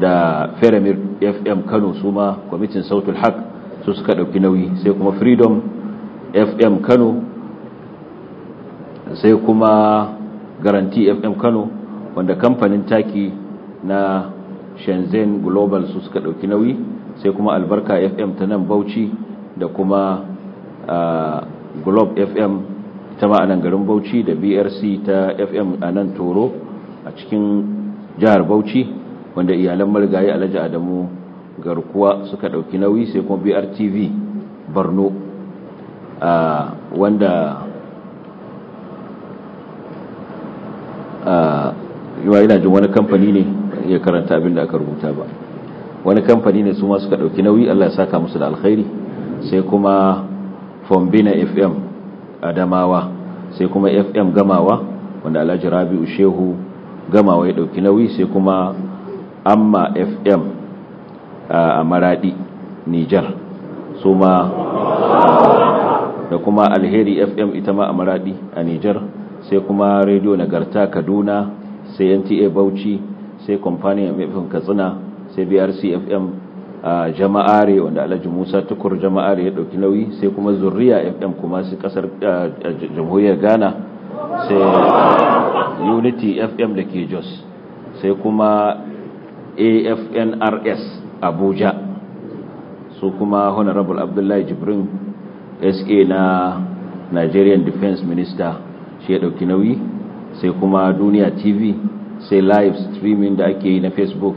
da feramir fm kano su ma kwamitin sautul haq su suka ɗauki nauyi sai kuma freedom fm kano sai kuma garanti fm kano wanda kamfanin taki na shenzhen global su suka ɗauki nauyi sai kuma albarka fm ta nan bauchi da kuma globe fm ta ma'anan garin bauchi da brc ta fm a nan toro a cikin jihar bauchi wanda iyalan marigayi alhaji adamu garkuwa suka ɗauki nauyi sai kuma brtv borno wanda yana jin wani kamfani ne iya karanta abin da aka rubuta ba wani kamfani ne su ma suka dauki nauyi Allah ya saka musu da alkhairi sai kuma fombina fm adamawa sai kuma fm gamawa wanda alhaji rabi'u shehu gamawa ya dauki nauyi sai kuma amma fm a maradi nijar su ma da kuma alheri fm ita ma a maradi a nijar sai kuma rediyo nagarta kaduna sai nta bauchi sai companion FM Katsina sai BRCFM a jama'are wanda Alhaji Musa Tukur jama'are ya dauki nauyi sai kuma Zurriya FM kuma su kasar jamhuriyar Ghana sai Unity FM da ke Jos sai kuma AFNRS Abuja su kuma Honorable Abdullahi Jibrin SA na Nigerian Defense Minister shi ya dauki nauyi sai kuma Duniya TV sai live streaming da ake yi na facebook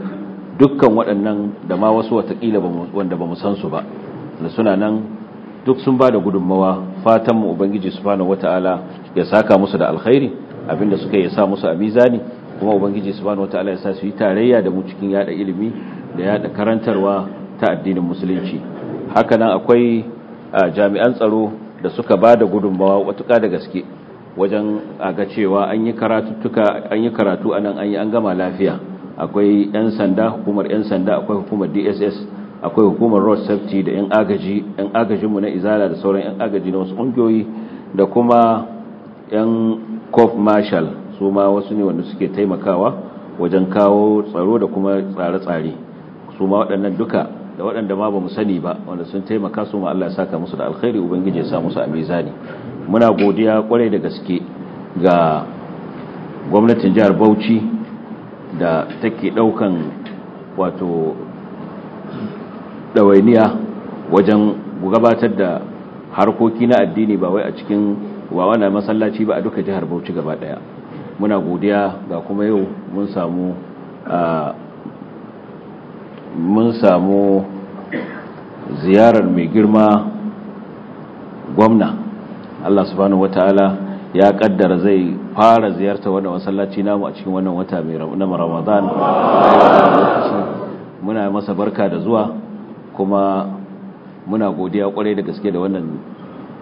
dukkan waɗannan da ma wasu watakila wanda ba mu san su ba da suna nan duk sun ba da gudunmawa fatan mu ubangiji fana wataala ya saka musu da alkhairi abinda suka yi sa musu a mizani kuma ubangiji su fana wataala ya sa su yi tarayya da mu cikin yada ilimi da yada karantarwa ta addinin musulunci haka nan akwai jami'an tsaro da suka ba da gudunmawa watuka da gaske wajen aga cewa an yi karatuttuka an yi karatu anan an yi an gama lafiya akwai yan sanda hukumar yan sanda akwai hukumar DSS akwai hukumar road safety da yan agaji yan agajin mu na izala da sauran yan agaji na wasu ƙungiyoyi da kuma yan cop marshal su ma wasu ne wanda suke taimakawa wajen kawo tsaro da kuma tsare-tsare su ma waɗannan duka da waɗanda ma ba mu sani ba wanda sun taimaka su ma Allah ya saka musu da alkhairi ubangiji ya sa musu a mizani muna godiya kwarai da gaske ga gwamnatin jihar Bauchi da take daukan wato dawainiya wajen gabatar da harkoki na addini ba wai a cikin ba na masallaci ba a duka jihar Bauchi gaba daya muna godiya ga kuma yau mun samu ah, mun samu ziyarar mai girma gwamna Allah subhanahu ta'ala ya kaddara zai fara ziyarta wannan masallaci namu a cikin wannan wata mai na Ramadan muna masa barka da zuwa kuma muna godiya kwarai da gaske da wannan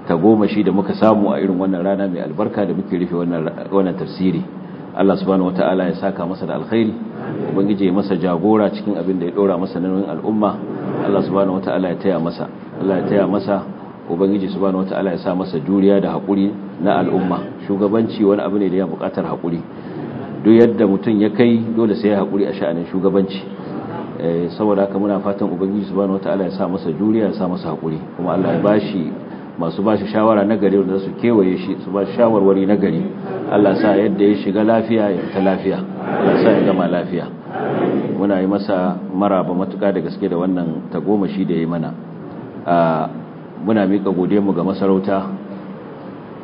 tagomashi da muka samu a irin wannan rana mai albarka da muke rufe wannan tafsiri Allah subhanahu wataala ya saka masa da alkhairi ubangiji ya masa jagora cikin abin da ya dora masa nauyin al'umma Allah subhanahu wataala ya taya masa Allah ya taya masa ubangiji subhanahu wataala ya sa masa juriya da hakuri na al'umma shugabanci wani abu ne da ya buƙatar hakuri duk yadda mutum ya kai dole sai ya hakuri a sha'anin shugabanci eh, saboda haka muna fatan ubangiji subhanahu wataala ya sa masa juriya ya sa masa hakuri kuma Allah ya bashi masu ba shi shawara na gari da su kewaye shi su ba shi shawarwari na gari Allah sa yadda ya shiga lafiya ya ta lafiya Allah sa ya gama lafiya muna yi masa maraba matuka da gaske da wannan shi da ya yi mana muna mika gode mu ga masarauta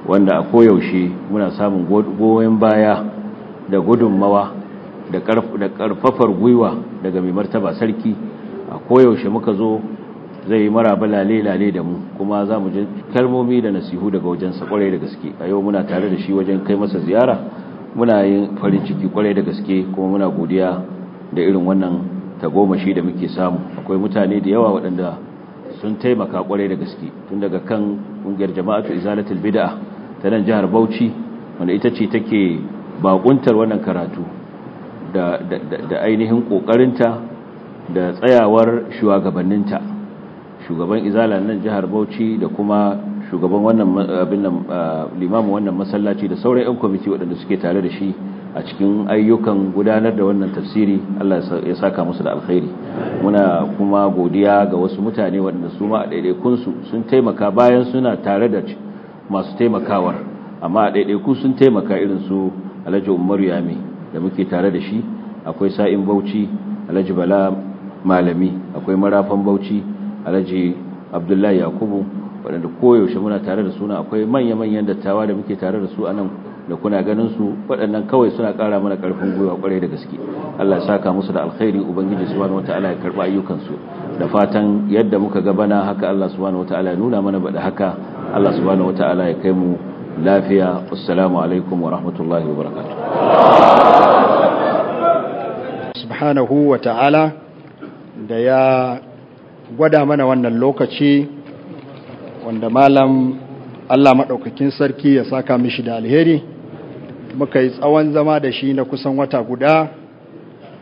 wanda a koyaushe muna samun goyon baya da gudunmawa da ƙarfafar gwiwa daga mai martaba sarki a koyaushe muka zo zai yi maraba lale-lale da mu kuma za mu ji kalmomi da nasihu daga wajen sa kwarai da gaske a yau muna tare da shi wajen kai masa ziyara muna yin farin ciki kwarai da gaske kuma muna godiya da irin wannan tagomashi da muke samu akwai mutane da yawa waɗanda sun taimaka kwarai da gaske tun daga kan ƙungiyar jama'a jama'atu izalatul bid'a ta nan jihar Bauchi wanda ita ce take bakuntar wannan karatu da da da ainihin kokarinta da tsayawar shugabanninta shugaban izala nan jihar Bauchi da kuma shugaban wannan abin nan limamin wannan masallaci da sauran yan kwamiti waɗanda suke tare da shi a cikin ayyukan gudanar da wannan tafsiri Allah ya saka musu da alkhairi muna kuma godiya ga wasu mutane waɗanda su ma a ɗaiɗaikun su sun taimaka bayan suna tare da masu taimakawar amma a ɗaiɗaiku sun taimaka irin su Alhaji Umaru Yami da muke tare da shi akwai Sa'in Bauchi Alhaji Bala Malami akwai Marafan Bauchi alhaji abdullahi yakubu waɗanda koyaushe muna tare da suna akwai manya-manyan dattawa da muke tare da su a nan da kuna ganin su waɗannan kawai suna ƙara mana ƙarfin gwiwa ƙwarai da gaske Allah ya saka musu da alkhairi ubangiji subhanahu wataala ya karba ayyukan su da fatan yadda muka ga bana haka Allah subhanahu wataala ya nuna mana da haka Allah subhanahu wataala ya kai mu lafiya assalamu alaikum wa rahmatullahi wa barakatuh subhanahu wataala da ya gwada mana wannan lokaci wanda malam Allah maɗaukakin sarki ya saka mishi da alheri muka yi tsawon zama da shi na kusan wata guda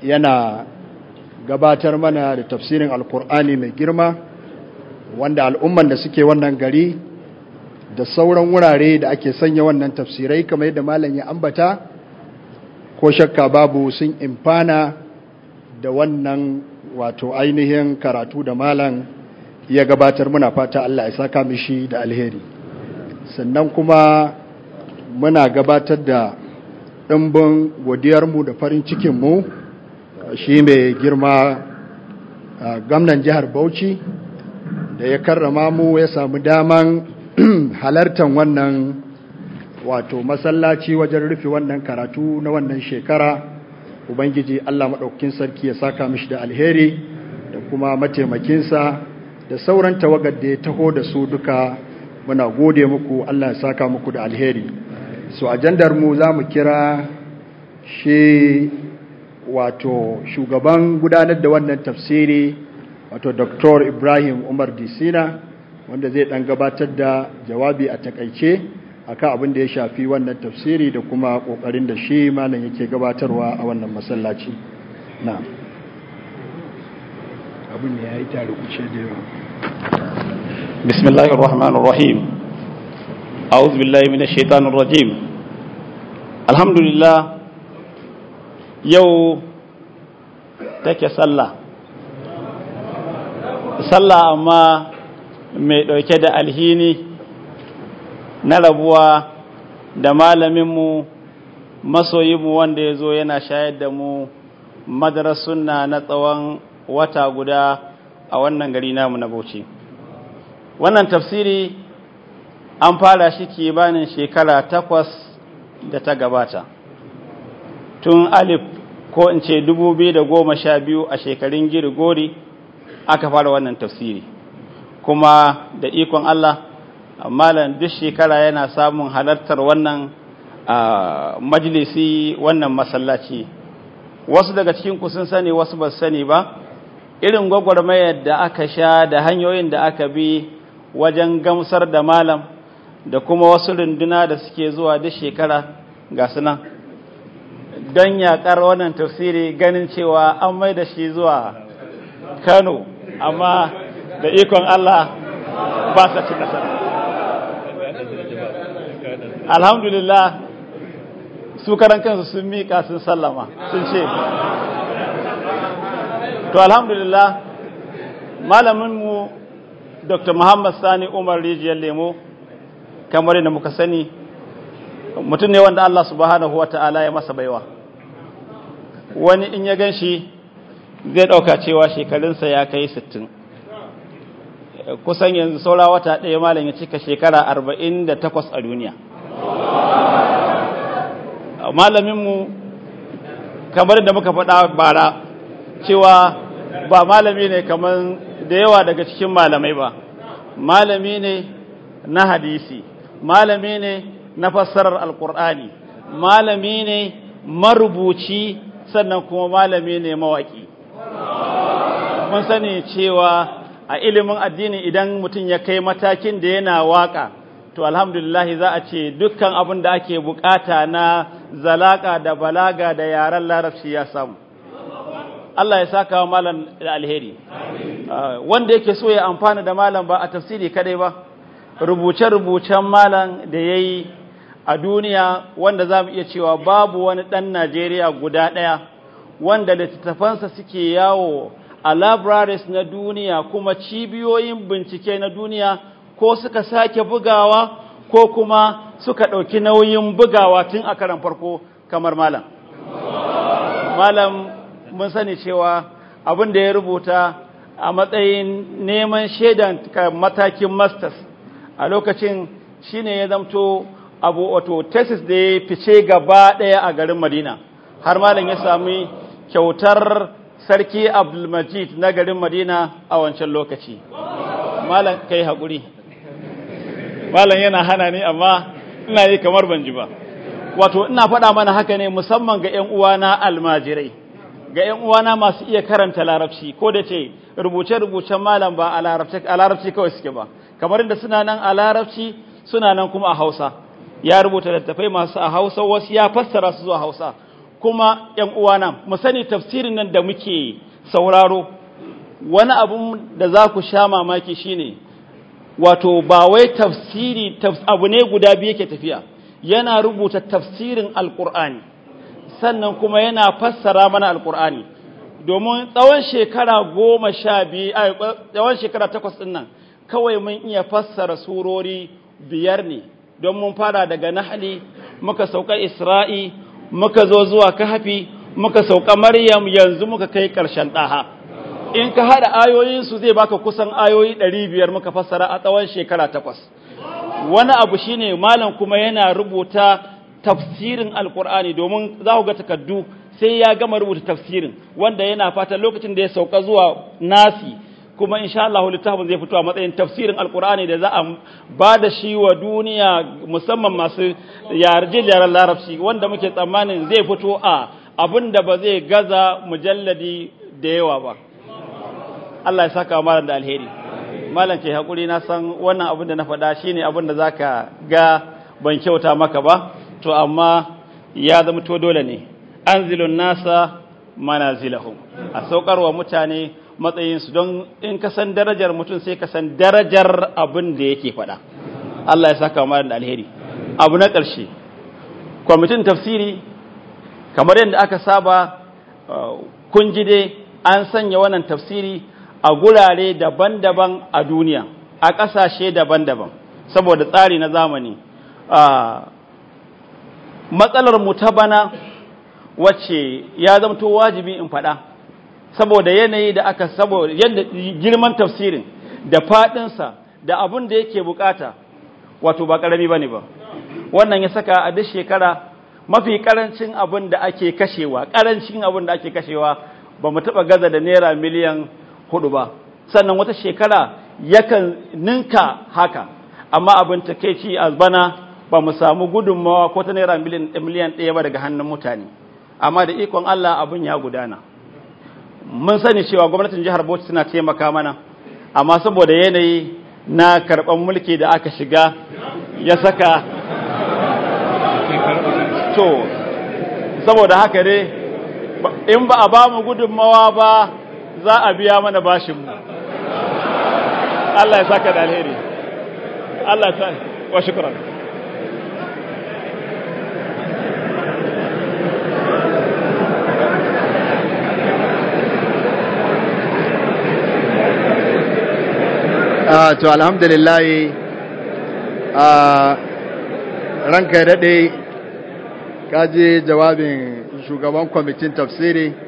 yana gabatar mana da tafsirin alkur'ani mai girma wanda al'umman da suke wannan gari da sauran wurare da ake sanya wannan tafsirai kamar yadda malam ya ambata ko shakka babu sun imfana da wannan wato ainihin karatu da malam ya gabatar muna fata Allah ya saka mishi da alheri sannan kuma muna gabatar da ɗimbin godiyarmu da farin cikinmu shi mai girma gwamnan jihar Bauchi da ya karrama mu ya samu daman <clears throat> halartar wannan wato masallaci wajen rufe wannan karatu na wannan shekara ubangiji Allah maɗaukakin sarki ya saka mishi da alheri da kuma mataimakinsa da sauran tawagar da ya taho da su duka muna gode muku Allah ya saka muku da alheri so ajandar mu za mu kira shi wato shugaban gudanar da wannan tafsiri wato Dr. Ibrahim Umar Disina wanda zai ɗan gabatar da jawabi a takaice akan abin da ya shafi wannan tafsiri da kuma kokarin da shi malam yake gabatarwa a wannan masallaci na abin da yayi tare kuce da yawa bismillahir rahmanir rahim a'udhu billahi minash shaitanir rajim alhamdulillah yau take sallah sallah amma mai dauke da alhini na rabuwa da malaminmu masoyinmu wanda ya zo yana shayar da mu suna na tsawon wata guda a wannan gari namu na bauchi wannan tafsiri an fara shi ke kimanin shekara takwas da ta gabata tun alif ko in ce biyu a shekarun girgori aka fara wannan tafsiri kuma da ikon Allah malam duk shekara yana samun halartar wannan majalisi wannan masallaci wasu daga cikin ku sun sani wasu ba sani ba irin gwagwarmayar da aka sha da hanyoyin da aka bi wajen gamsar da malam da kuma wasu runduna da suke zuwa duk shekara ga sunan don yaƙar wannan tafsiri ganin cewa an mai da shi zuwa kano amma da ikon allah ba sa ci ƙasar alhamdulillah su karan kansu sun mika sun sallama sun ce to alhamdulillah malaminmu dr muhammad sani umar rijiyar lemo kamar yadda muka sani mutum ne wanda allah subhanahu wata'ala ya masa baiwa wani in ya gan shi zai ɗauka cewa shekarunsa ya kai sittin. kusan yanzu saura wata ɗaya malam ya cika shekara arba'in da takwas a duniya malaminmu kamar da muka faɗa bara cewa ba malami ne kamar da yawa daga cikin malamai ba malami ne na hadisi malami ne na fassarar alkur'ani malami ne marubuci sannan kuma malami ne mawaƙi mun sani cewa a ilimin addini idan mutum ya kai matakin da yana waƙa. to alhamdulillah za a ce dukkan abin da ake bukata na zalaka da balaga da yaren larabci ya samu Allah ya saka wa malam da alheri wanda yake so ya amfana da malam ba a tafsiri kadai ba rubuce-rubucen malam da yayi a duniya wanda za mu iya cewa babu wani ɗan Najeriya guda ɗaya wanda littattafansa suke yawo a libraries na duniya kuma cibiyoyin bincike na duniya ko suka sake bugawa ko kuma suka ɗauki nauyin bugawa tun a karan farko kamar malam malam mun sani cewa abin da ya rubuta a matsayin neman shaidan matakin masters a lokacin shi ne ya zamto abu wato tesis da ya fice gaba ɗaya a garin madina har malam ya sami kyautar sarki abdulmajid na garin madina a wancan lokaci malam kai haƙuri malam yana hana ni amma ina yi kamar ban ji ba wato ina faɗa mana haka ne musamman ga ƴan uwana almajirai ga ƴan uwana masu iya karanta larabci ko da ce rubuce-rubucen malam ba a larabci a larabci kawai suke ba kamar inda suna nan a larabci suna nan kuma a Hausa ya rubuta littattafai masu a Hausa wasu ya fassara su zuwa Hausa kuma ƴan uwana mu sani tafsirin nan da muke sauraro wani abun da za ku sha mamaki shine wato ba wai tafsiri abu ne guda biyu yake tafiya yana rubuta tafsirin alkur'ani sannan kuma yana fassara mana alkur'ani domin tsawon shekara goma sha biyu tsawon shekara takwas ɗin nan kawai mun iya fassara surori biyar ne don mun fara daga nahli muka sauka isra'i muka zo zuwa kahafi muka sauka maryam yanzu muka kai ƙarshen ɗaha in ka hada ayoyinsu zai baka kusan ayoyi 500 muka fassara a tsawon shekara takwas wani abu shine malam kuma yana rubuta tafsirin alkur'ani domin za ku ga takaddu sai ya gama rubuta tafsirin wanda yana fata lokacin da ya sauka zuwa nasi kuma insha Allah littafin zai fito a matsayin tafsirin alkur'ani da za a ba da shi wa duniya musamman masu yarjejin larabci wanda muke tsammanin zai fito a abin da ba zai gaza mujalladi da yawa ba Allah ya saka malam da alheri malam ce hakuri na san wannan abin da na faɗa shine abin da zaka ga ban kyauta maka ba to amma ya zama to dole ne anzilun nasa manazilahum a saukarwa mutane matsayinsu don in ka san darajar mutum sai ka san darajar abin da yake faɗa Allah ya saka malam da alheri abu na ƙarshe kwamitin tafsiri kamar yadda aka saba uh, kun ji dai an sanya wannan tafsiri a gurare daban-daban a duniya a ƙasashe daban-daban saboda tsari na zamani matsalar mu ta bana wacce ya zamto wajibi in faɗa saboda yanayi da aka saboda girman tafsirin da faɗinsa da abin da yake bukata wato ba ƙarami ba ne ba wannan ya saka a duk shekara mafi ƙarancin abin da ake kashewa ƙarancin abin da ake kashewa ba mu taɓa gaza da naira miliyan hudu ba sannan wata shekara yakan ninka haka amma abin takeici a bana ba mu samu gudunmawa ko ta naira miliyan ɗaya ba daga hannun mutane amma da ikon Allah abin ya gudana mun sani cewa gwamnatin jihar Bauchi suna taimaka mana amma saboda yanayi na karɓar mulki da aka shiga ya saka to saboda haka dai in ba a ba mu gudunmawa ba za a biya mana bashinmu Allah ya saka da alheri Allah ya saka wa shukran ah, to alhamdulillah ah, ranka daɗe kaji jawabin shugaban kwamitin tafsiri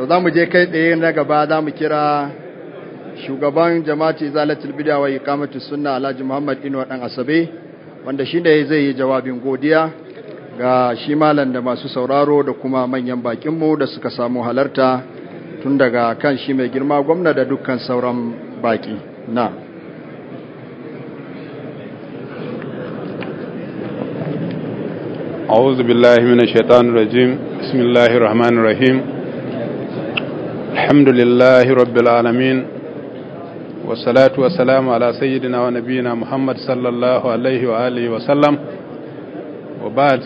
to za mu je kai tsaye na gaba za mu kira shugaban jama'ati zalatul bid'a wa iqamatu sunna alhaji muhammad inuwa dan asabe wanda shi ne zai yi jawabin godiya ga shi malam da masu sauraro da kuma manyan bakin mu da suka samu halarta tun daga kan shi mai girma gwamna da dukkan sauran baki na أعوذ بالله من الشيطان الرجيم بسم الله الرحمن الحمد لله رب العالمين والصلاة والسلام على سيدنا ونبينا محمد صلى الله عليه وآله وسلم وبعد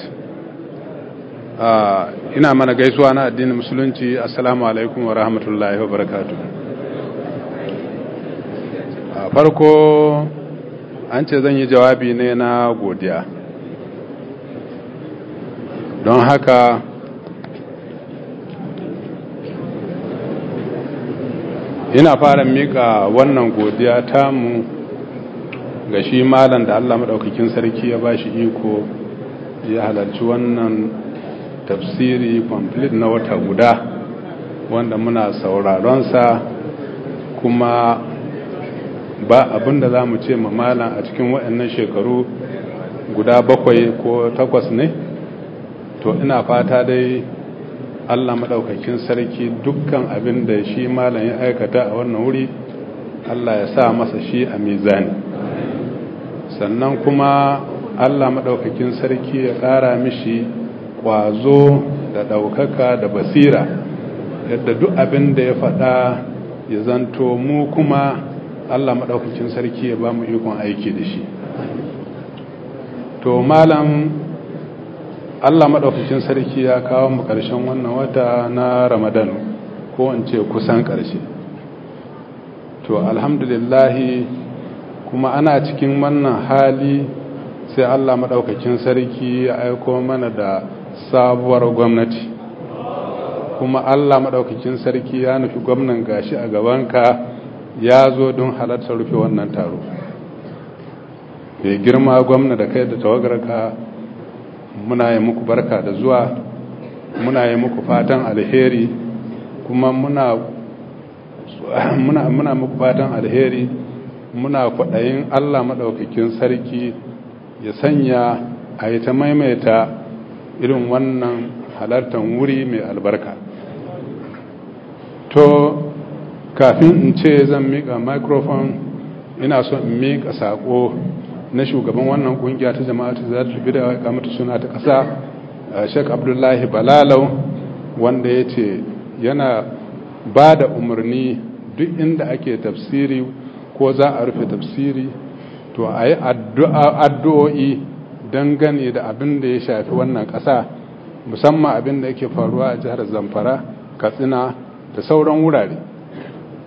ina mana gaisuwa na addinin musulunci assalamu alaikum wa rahmatullahi wa barakatu a farko an ce zan yi jawabi ne na godiya don haka ina fara mika wannan godiya mu ga shi malam da Allah madaukakin sarki ya bashi iko ya halarci wannan tafsiri complete na wata guda wanda muna sauraron sa kuma ba abinda za mu ce ma malam a cikin waɗannan shekaru guda bakwai ko takwas ne to ina fata dai Allah maɗaukakin sarki dukkan abin da shi malam ya aikata a wannan wuri Allah ya sa masa shi a mizani sannan kuma Allah maɗaukakin sarki ya ƙara mishi ƙwazo da ɗaukaka da basira yadda duk abin da ya faɗa ya zanto mu kuma Allah maɗaukakin sarki ya ba mu ikon aiki da shi to malam Allah maɗaukacin sarki ya kawo mu ƙarshen wannan wata na Ramadan ko in ce kusan ƙarshe. to alhamdulillah kuma ana cikin wannan hali sai Allah maɗaukacin sarki ya aiko mana da sabuwar gwamnati kuma Allah maɗaukacin sarki ya nufi gwamnan gashi a gabanka ya zo don halartar rufe wannan taro mai girma gwamna da kai da tawagarka muna yi muku barka da zuwa muna yi muku fatan alheri kuma muna muna muku fatan alheri muna kwaɗayin Allah maɗaukakin sarki ya sanya a yi ta maimaita irin wannan halartar wuri mai albarka to kafin in ce zan miƙa microphone ina so in miƙa saƙo na shugaban wannan kungiya ta jama'a ta zata bid'a kamata suna ta kasa shek Abdullahi Balalau wanda ya ce yana ba da umarni duk inda ake tafsiri ko za a rufe tafsiri to a yi addu'o'i dangane da abin da ya shafi wannan ƙasa musamman abin da yake faruwa a jihar zamfara katsina da sauran wurare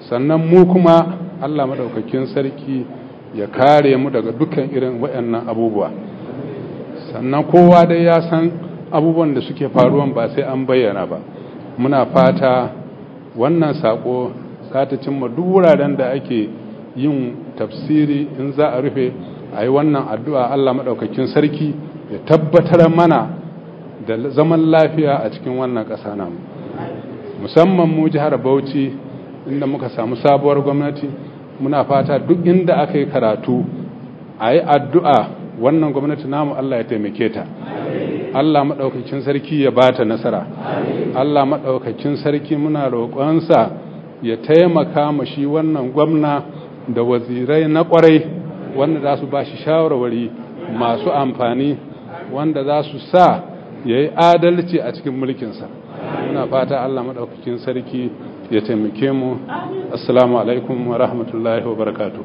sannan mu kuma allah maɗaukakin sarki ya kare mu daga dukkan irin waɗannan abubuwa sannan kowa dai ya san abubuwan da suke faruwa ba sai an bayyana ba muna fata wannan sako za ta cimma duk wuraren da ake yin tafsiri in za a rufe a yi wannan addu'a Allah maɗaukakin sarki ya tabbatar mana da zaman lafiya a cikin wannan ƙasa namu musamman mu jihar bauchi inda muka samu sabuwar gwamnati muna fata duk inda aka yi karatu a yi addu'a wannan gwamnati namu Allah ya taimake ta Allah maɗaukacin sarki ya ba ta nasara Allah maɗaukacin sarki muna roƙonsa ya taimaka ma shi wannan gwamna da wazirai na ƙwarai wanda za su ba shi shawarwari masu amfani wanda za su sa ya yi adalci a cikin mulkinsa muna fata Allah maɗaukacin sarki ya taimake mu assalamu alaikum wa rahmatullahi wa barakatu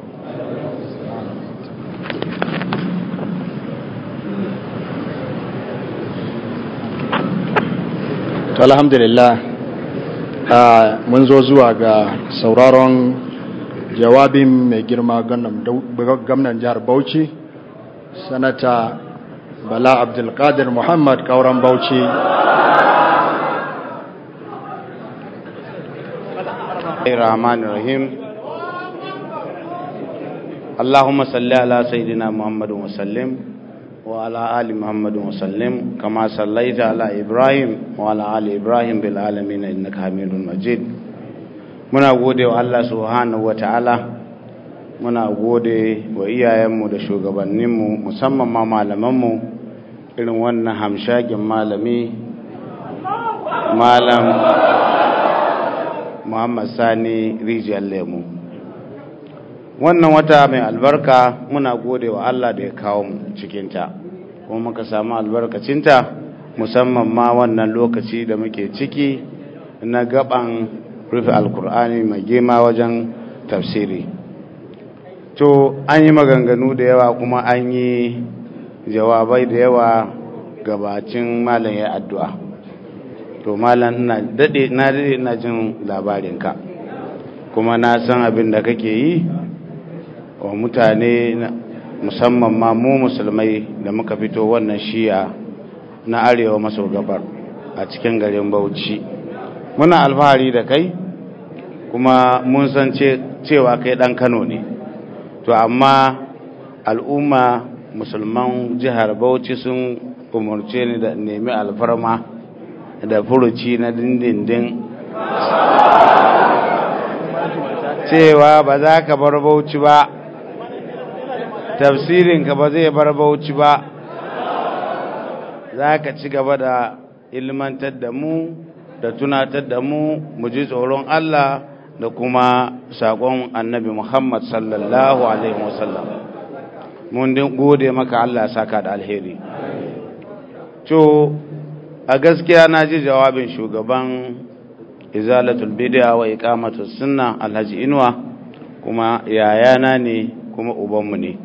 alhamdulillah mun zo zuwa ga sauraron jawabin mai girma gamnan jihar bauchi sanata bala abdulkadir muhammad kauran bauchi الرحمن الرحيم اللهم صل على سيدنا محمد وسلم وعلى آل محمد وسلم كما صليت على إبراهيم وعلى آل إبراهيم بالعالمين حميد مجيد muna gode wa Allah subhanahu wata'ala muna gode wa iyayenmu da shugabanninmu musamman ma malamanmu irin wannan hamshagin malami malam muhammad sani rijiyar lemu wannan wata mai albarka muna gode wa allah da ya kawo mu cikinta kuma muka samu albarkacinta musamman ma wannan lokaci da muke ciki na gaban rufe alkur'ani mai gema wajen tafsiri to an yi maganganu da yawa kuma an yi jawabai da yawa gabacin malam addu'a to malam na dade na dade ina jin labarin ka kuma na san abin da kake yi wa mutane musamman ma mu musulmai da muka fito wannan shiya na arewa maso gabar a cikin garin Bauchi muna alfahari da kai kuma mun san cewa kai dan Kano ne to amma al'umma musulman jihar Bauchi sun umarce ni da nemi alfarma da furuci na dindindin cewa ba za ka bar bauchi ba tafsirinka ba zai bar bauchi ba za ka ci gaba da ilmantar da mu da tunatar da mu mu ji tsoron Allah da kuma saƙon annabi Muhammad sallallahu Alaihi wasallam mun gode maka Allah saka da alheri. To a gaskiya na ji jawabin shugaban izalatul bidiya wa iqamatus sunna alhaji inuwa kuma yayana ne kuma ubanmu ne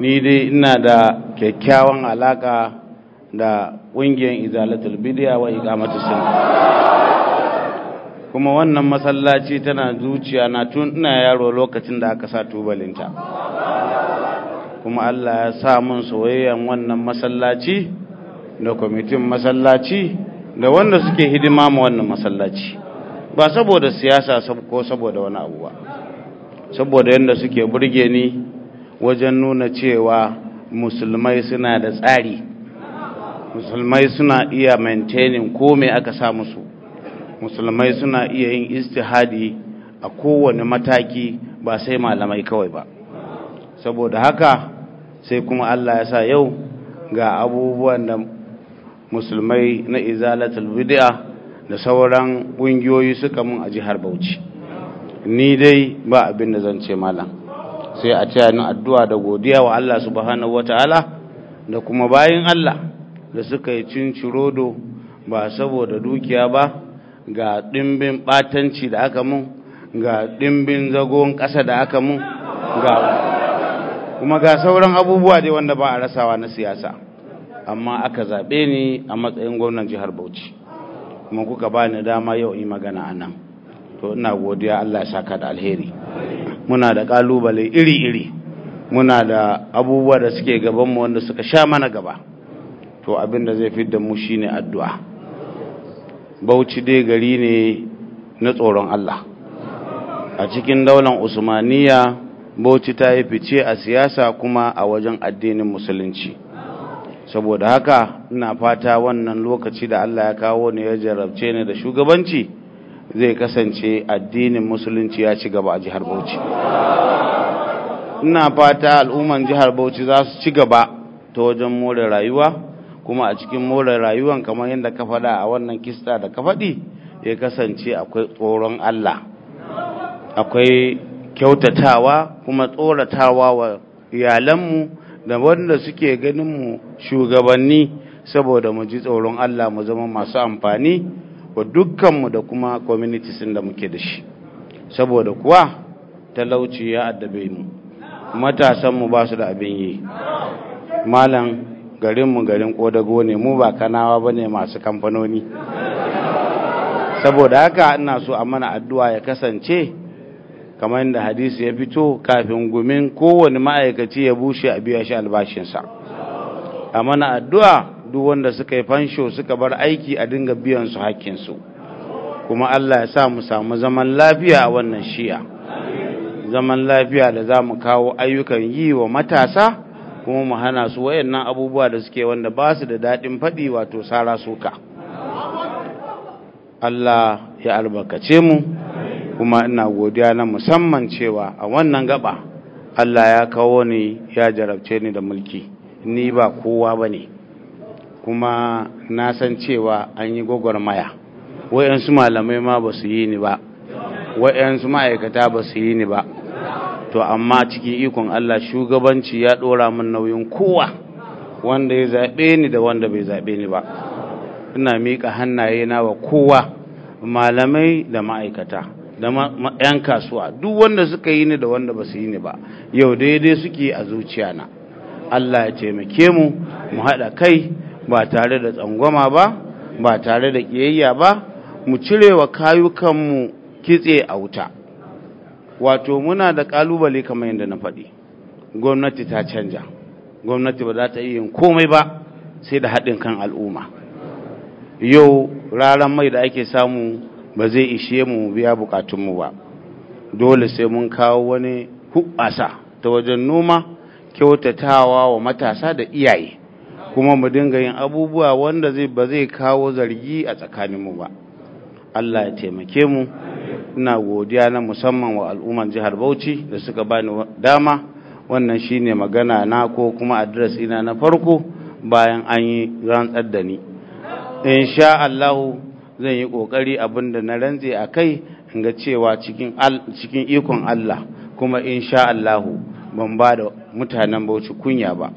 ni dai ina da kyakkyawan alaka da ƙungiyar izalatul bidiya wa iqamatus sunna kuma wannan masallaci tana zuciya na tun ina yaro lokacin da aka sa tubalinta kuma Allah ya sa mun soyayyan wannan masallaci da kwamitin masallaci da wanda suke hidima ma wannan masallaci ba saboda siyasa ko saboda wani abu ba saboda yadda suke burge ni wajen nuna cewa musulmai suna da tsari musulmai suna iya maintaining ko mai aka sa musu musulmai suna iya yin istihadi a kowane mataki ba sai malamai kawai ba saboda haka sai kuma Allah ya sa yau ga abubuwan da musulmai na izalatul bid'a da sauran ƙungiyoyi suka mun a jihar Bauchi ni dai ba abin da zan ce malam sai a ce ni addu'a da godiya wa Allah subhanahu wata'ala da kuma bayin Allah da suka yi cincirodo ba saboda dukiya ba ga ɗimbin ɓatanci da aka mun ga ɗimbin zagon ƙasa da aka mun ga kuma ga sauran abubuwa dai wanda ba a rasawa na siyasa amma aka zaɓe ni a matsayin gwamnan jihar bauchi kuma kuka ba ni dama yau yi magana a nan to ina godiya allah ya saka da alheri muna da ƙalubale iri-iri muna da abubuwa da suke gabanmu wanda suka sha mana gaba to abin da zai fidda mu shine addu'a bauchi dai gari ne na tsoron allah a cikin daular Usmaniyya bauchi ta yi fice a siyasa kuma a wajen addinin musulunci saboda haka ina fata wannan lokaci da Allah ya kawo ne ya jarabce ni da shugabanci zai kasance addinin musulunci ya ci gaba a jihar Bauchi ina fata al'umman jihar Bauchi za su ci gaba ta wajen more rayuwa kuma a cikin more rayuwan kamar yadda ka faɗa a wannan kista da ka faɗi ya kasance akwai tsoron Allah akwai kyautatawa kuma tsoratawa wa iyalanmu da wanda suke ganin mu shugabanni saboda mu ji tsoron Allah mu zama masu amfani wa dukkanmu da kuma communities da muke da shi saboda kuwa talauci ya addabe mu matasan mu ba su da abin yi malam garinmu garin kodago ne mu ba kanawa ba ne masu kamfanoni saboda haka ina so a mana addu'a ya kasance kamar yadda hadisi ya fito kafin gumin kowane ma'aikaci ya bushe a biya shi albashinsa a mana addu'a duk wanda suka yi fansho suka bar aiki a dinga biyan su hakkinsu kuma Allah ya sa mu samu zaman lafiya a wannan shiya zaman lafiya da za mu kawo ayyukan yi wa matasa kuma mu hana su wayannan abubuwa da suke wanda ba su da daɗin faɗi wato sara suka Allah ya albarkace mu kuma ina godiya na musamman cewa a wannan gaba Allah ya kawo ni ya jarabce ni da mulki ni ba kowa ba ne kuma na san cewa an yi gwagwarmaya wayansu malamai ma ba su yi ni ba wayansu ma'aikata ba su yi ni ba to amma cikin ikon Allah shugabanci ya ɗora min nauyin kowa wanda ya zaɓe ni da wanda bai zaɓe ni ba ina miƙa hannaye na wa kowa malamai da ma'aikata da yan kasuwa duk wanda suka yi ni da wanda ba su yi ni ba yau daidai suke a zuciya na Allah ya taimake mu mu haɗa kai ba tare da tsangwama ba ba tare da ƙiyayya ba mu cire wa kayukanmu kitse a wuta wato muna da ƙalubale kamar yadda na faɗi gwamnati ta canja gwamnati ba za ta yi yin komai ba sai da haɗin kan al'umma yau raran mai da ake samu ba zai ishe mu biya bukatunmu ba dole sai mun kawo wani hubasa ta wajen noma kyautatawa wa matasa da iyaye kuma mu dinga yin abubuwa wanda zai ba zai kawo zargi a tsakaninmu ba Allah ya taimake mu ina godiya na musamman wa al'umman jihar Bauchi da suka bani dama wannan shine magana na ko kuma address ina na farko bayan an yi rantsar da ni insha Allah zan yi ƙoƙari abin da na rantse a kai ga cewa cikin ikon Allah kuma in sha Allahu ban ba da mutanen bauchi kunya ba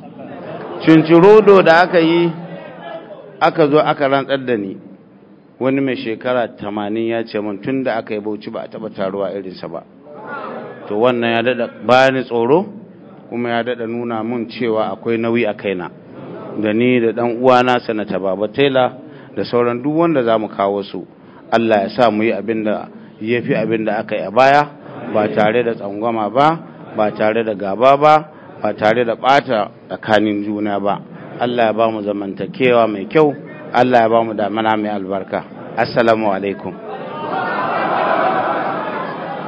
cincirodo da aka yi aka zo aka rantsar da ni wani mai shekara tamanin ya ce min tun da aka yi bauchi ba a taɓa taruwa irinsa ba to wannan ya daɗa bayani tsoro kuma ya daɗa nuna mun cewa akwai nauyi a kaina da ni da ɗan uwana sanata baba taylor da sauran duk wanda za mu kawo su Allah ya sa mu yi abin da ya fi abin da aka yi a baya ba tare da tsangwama ba ba tare da gaba ba ba tare da ɓata tsakanin juna ba Allah ya ba mu zamantakewa mai kyau Allah ya ba mu damana mai albarka assalamu alaikum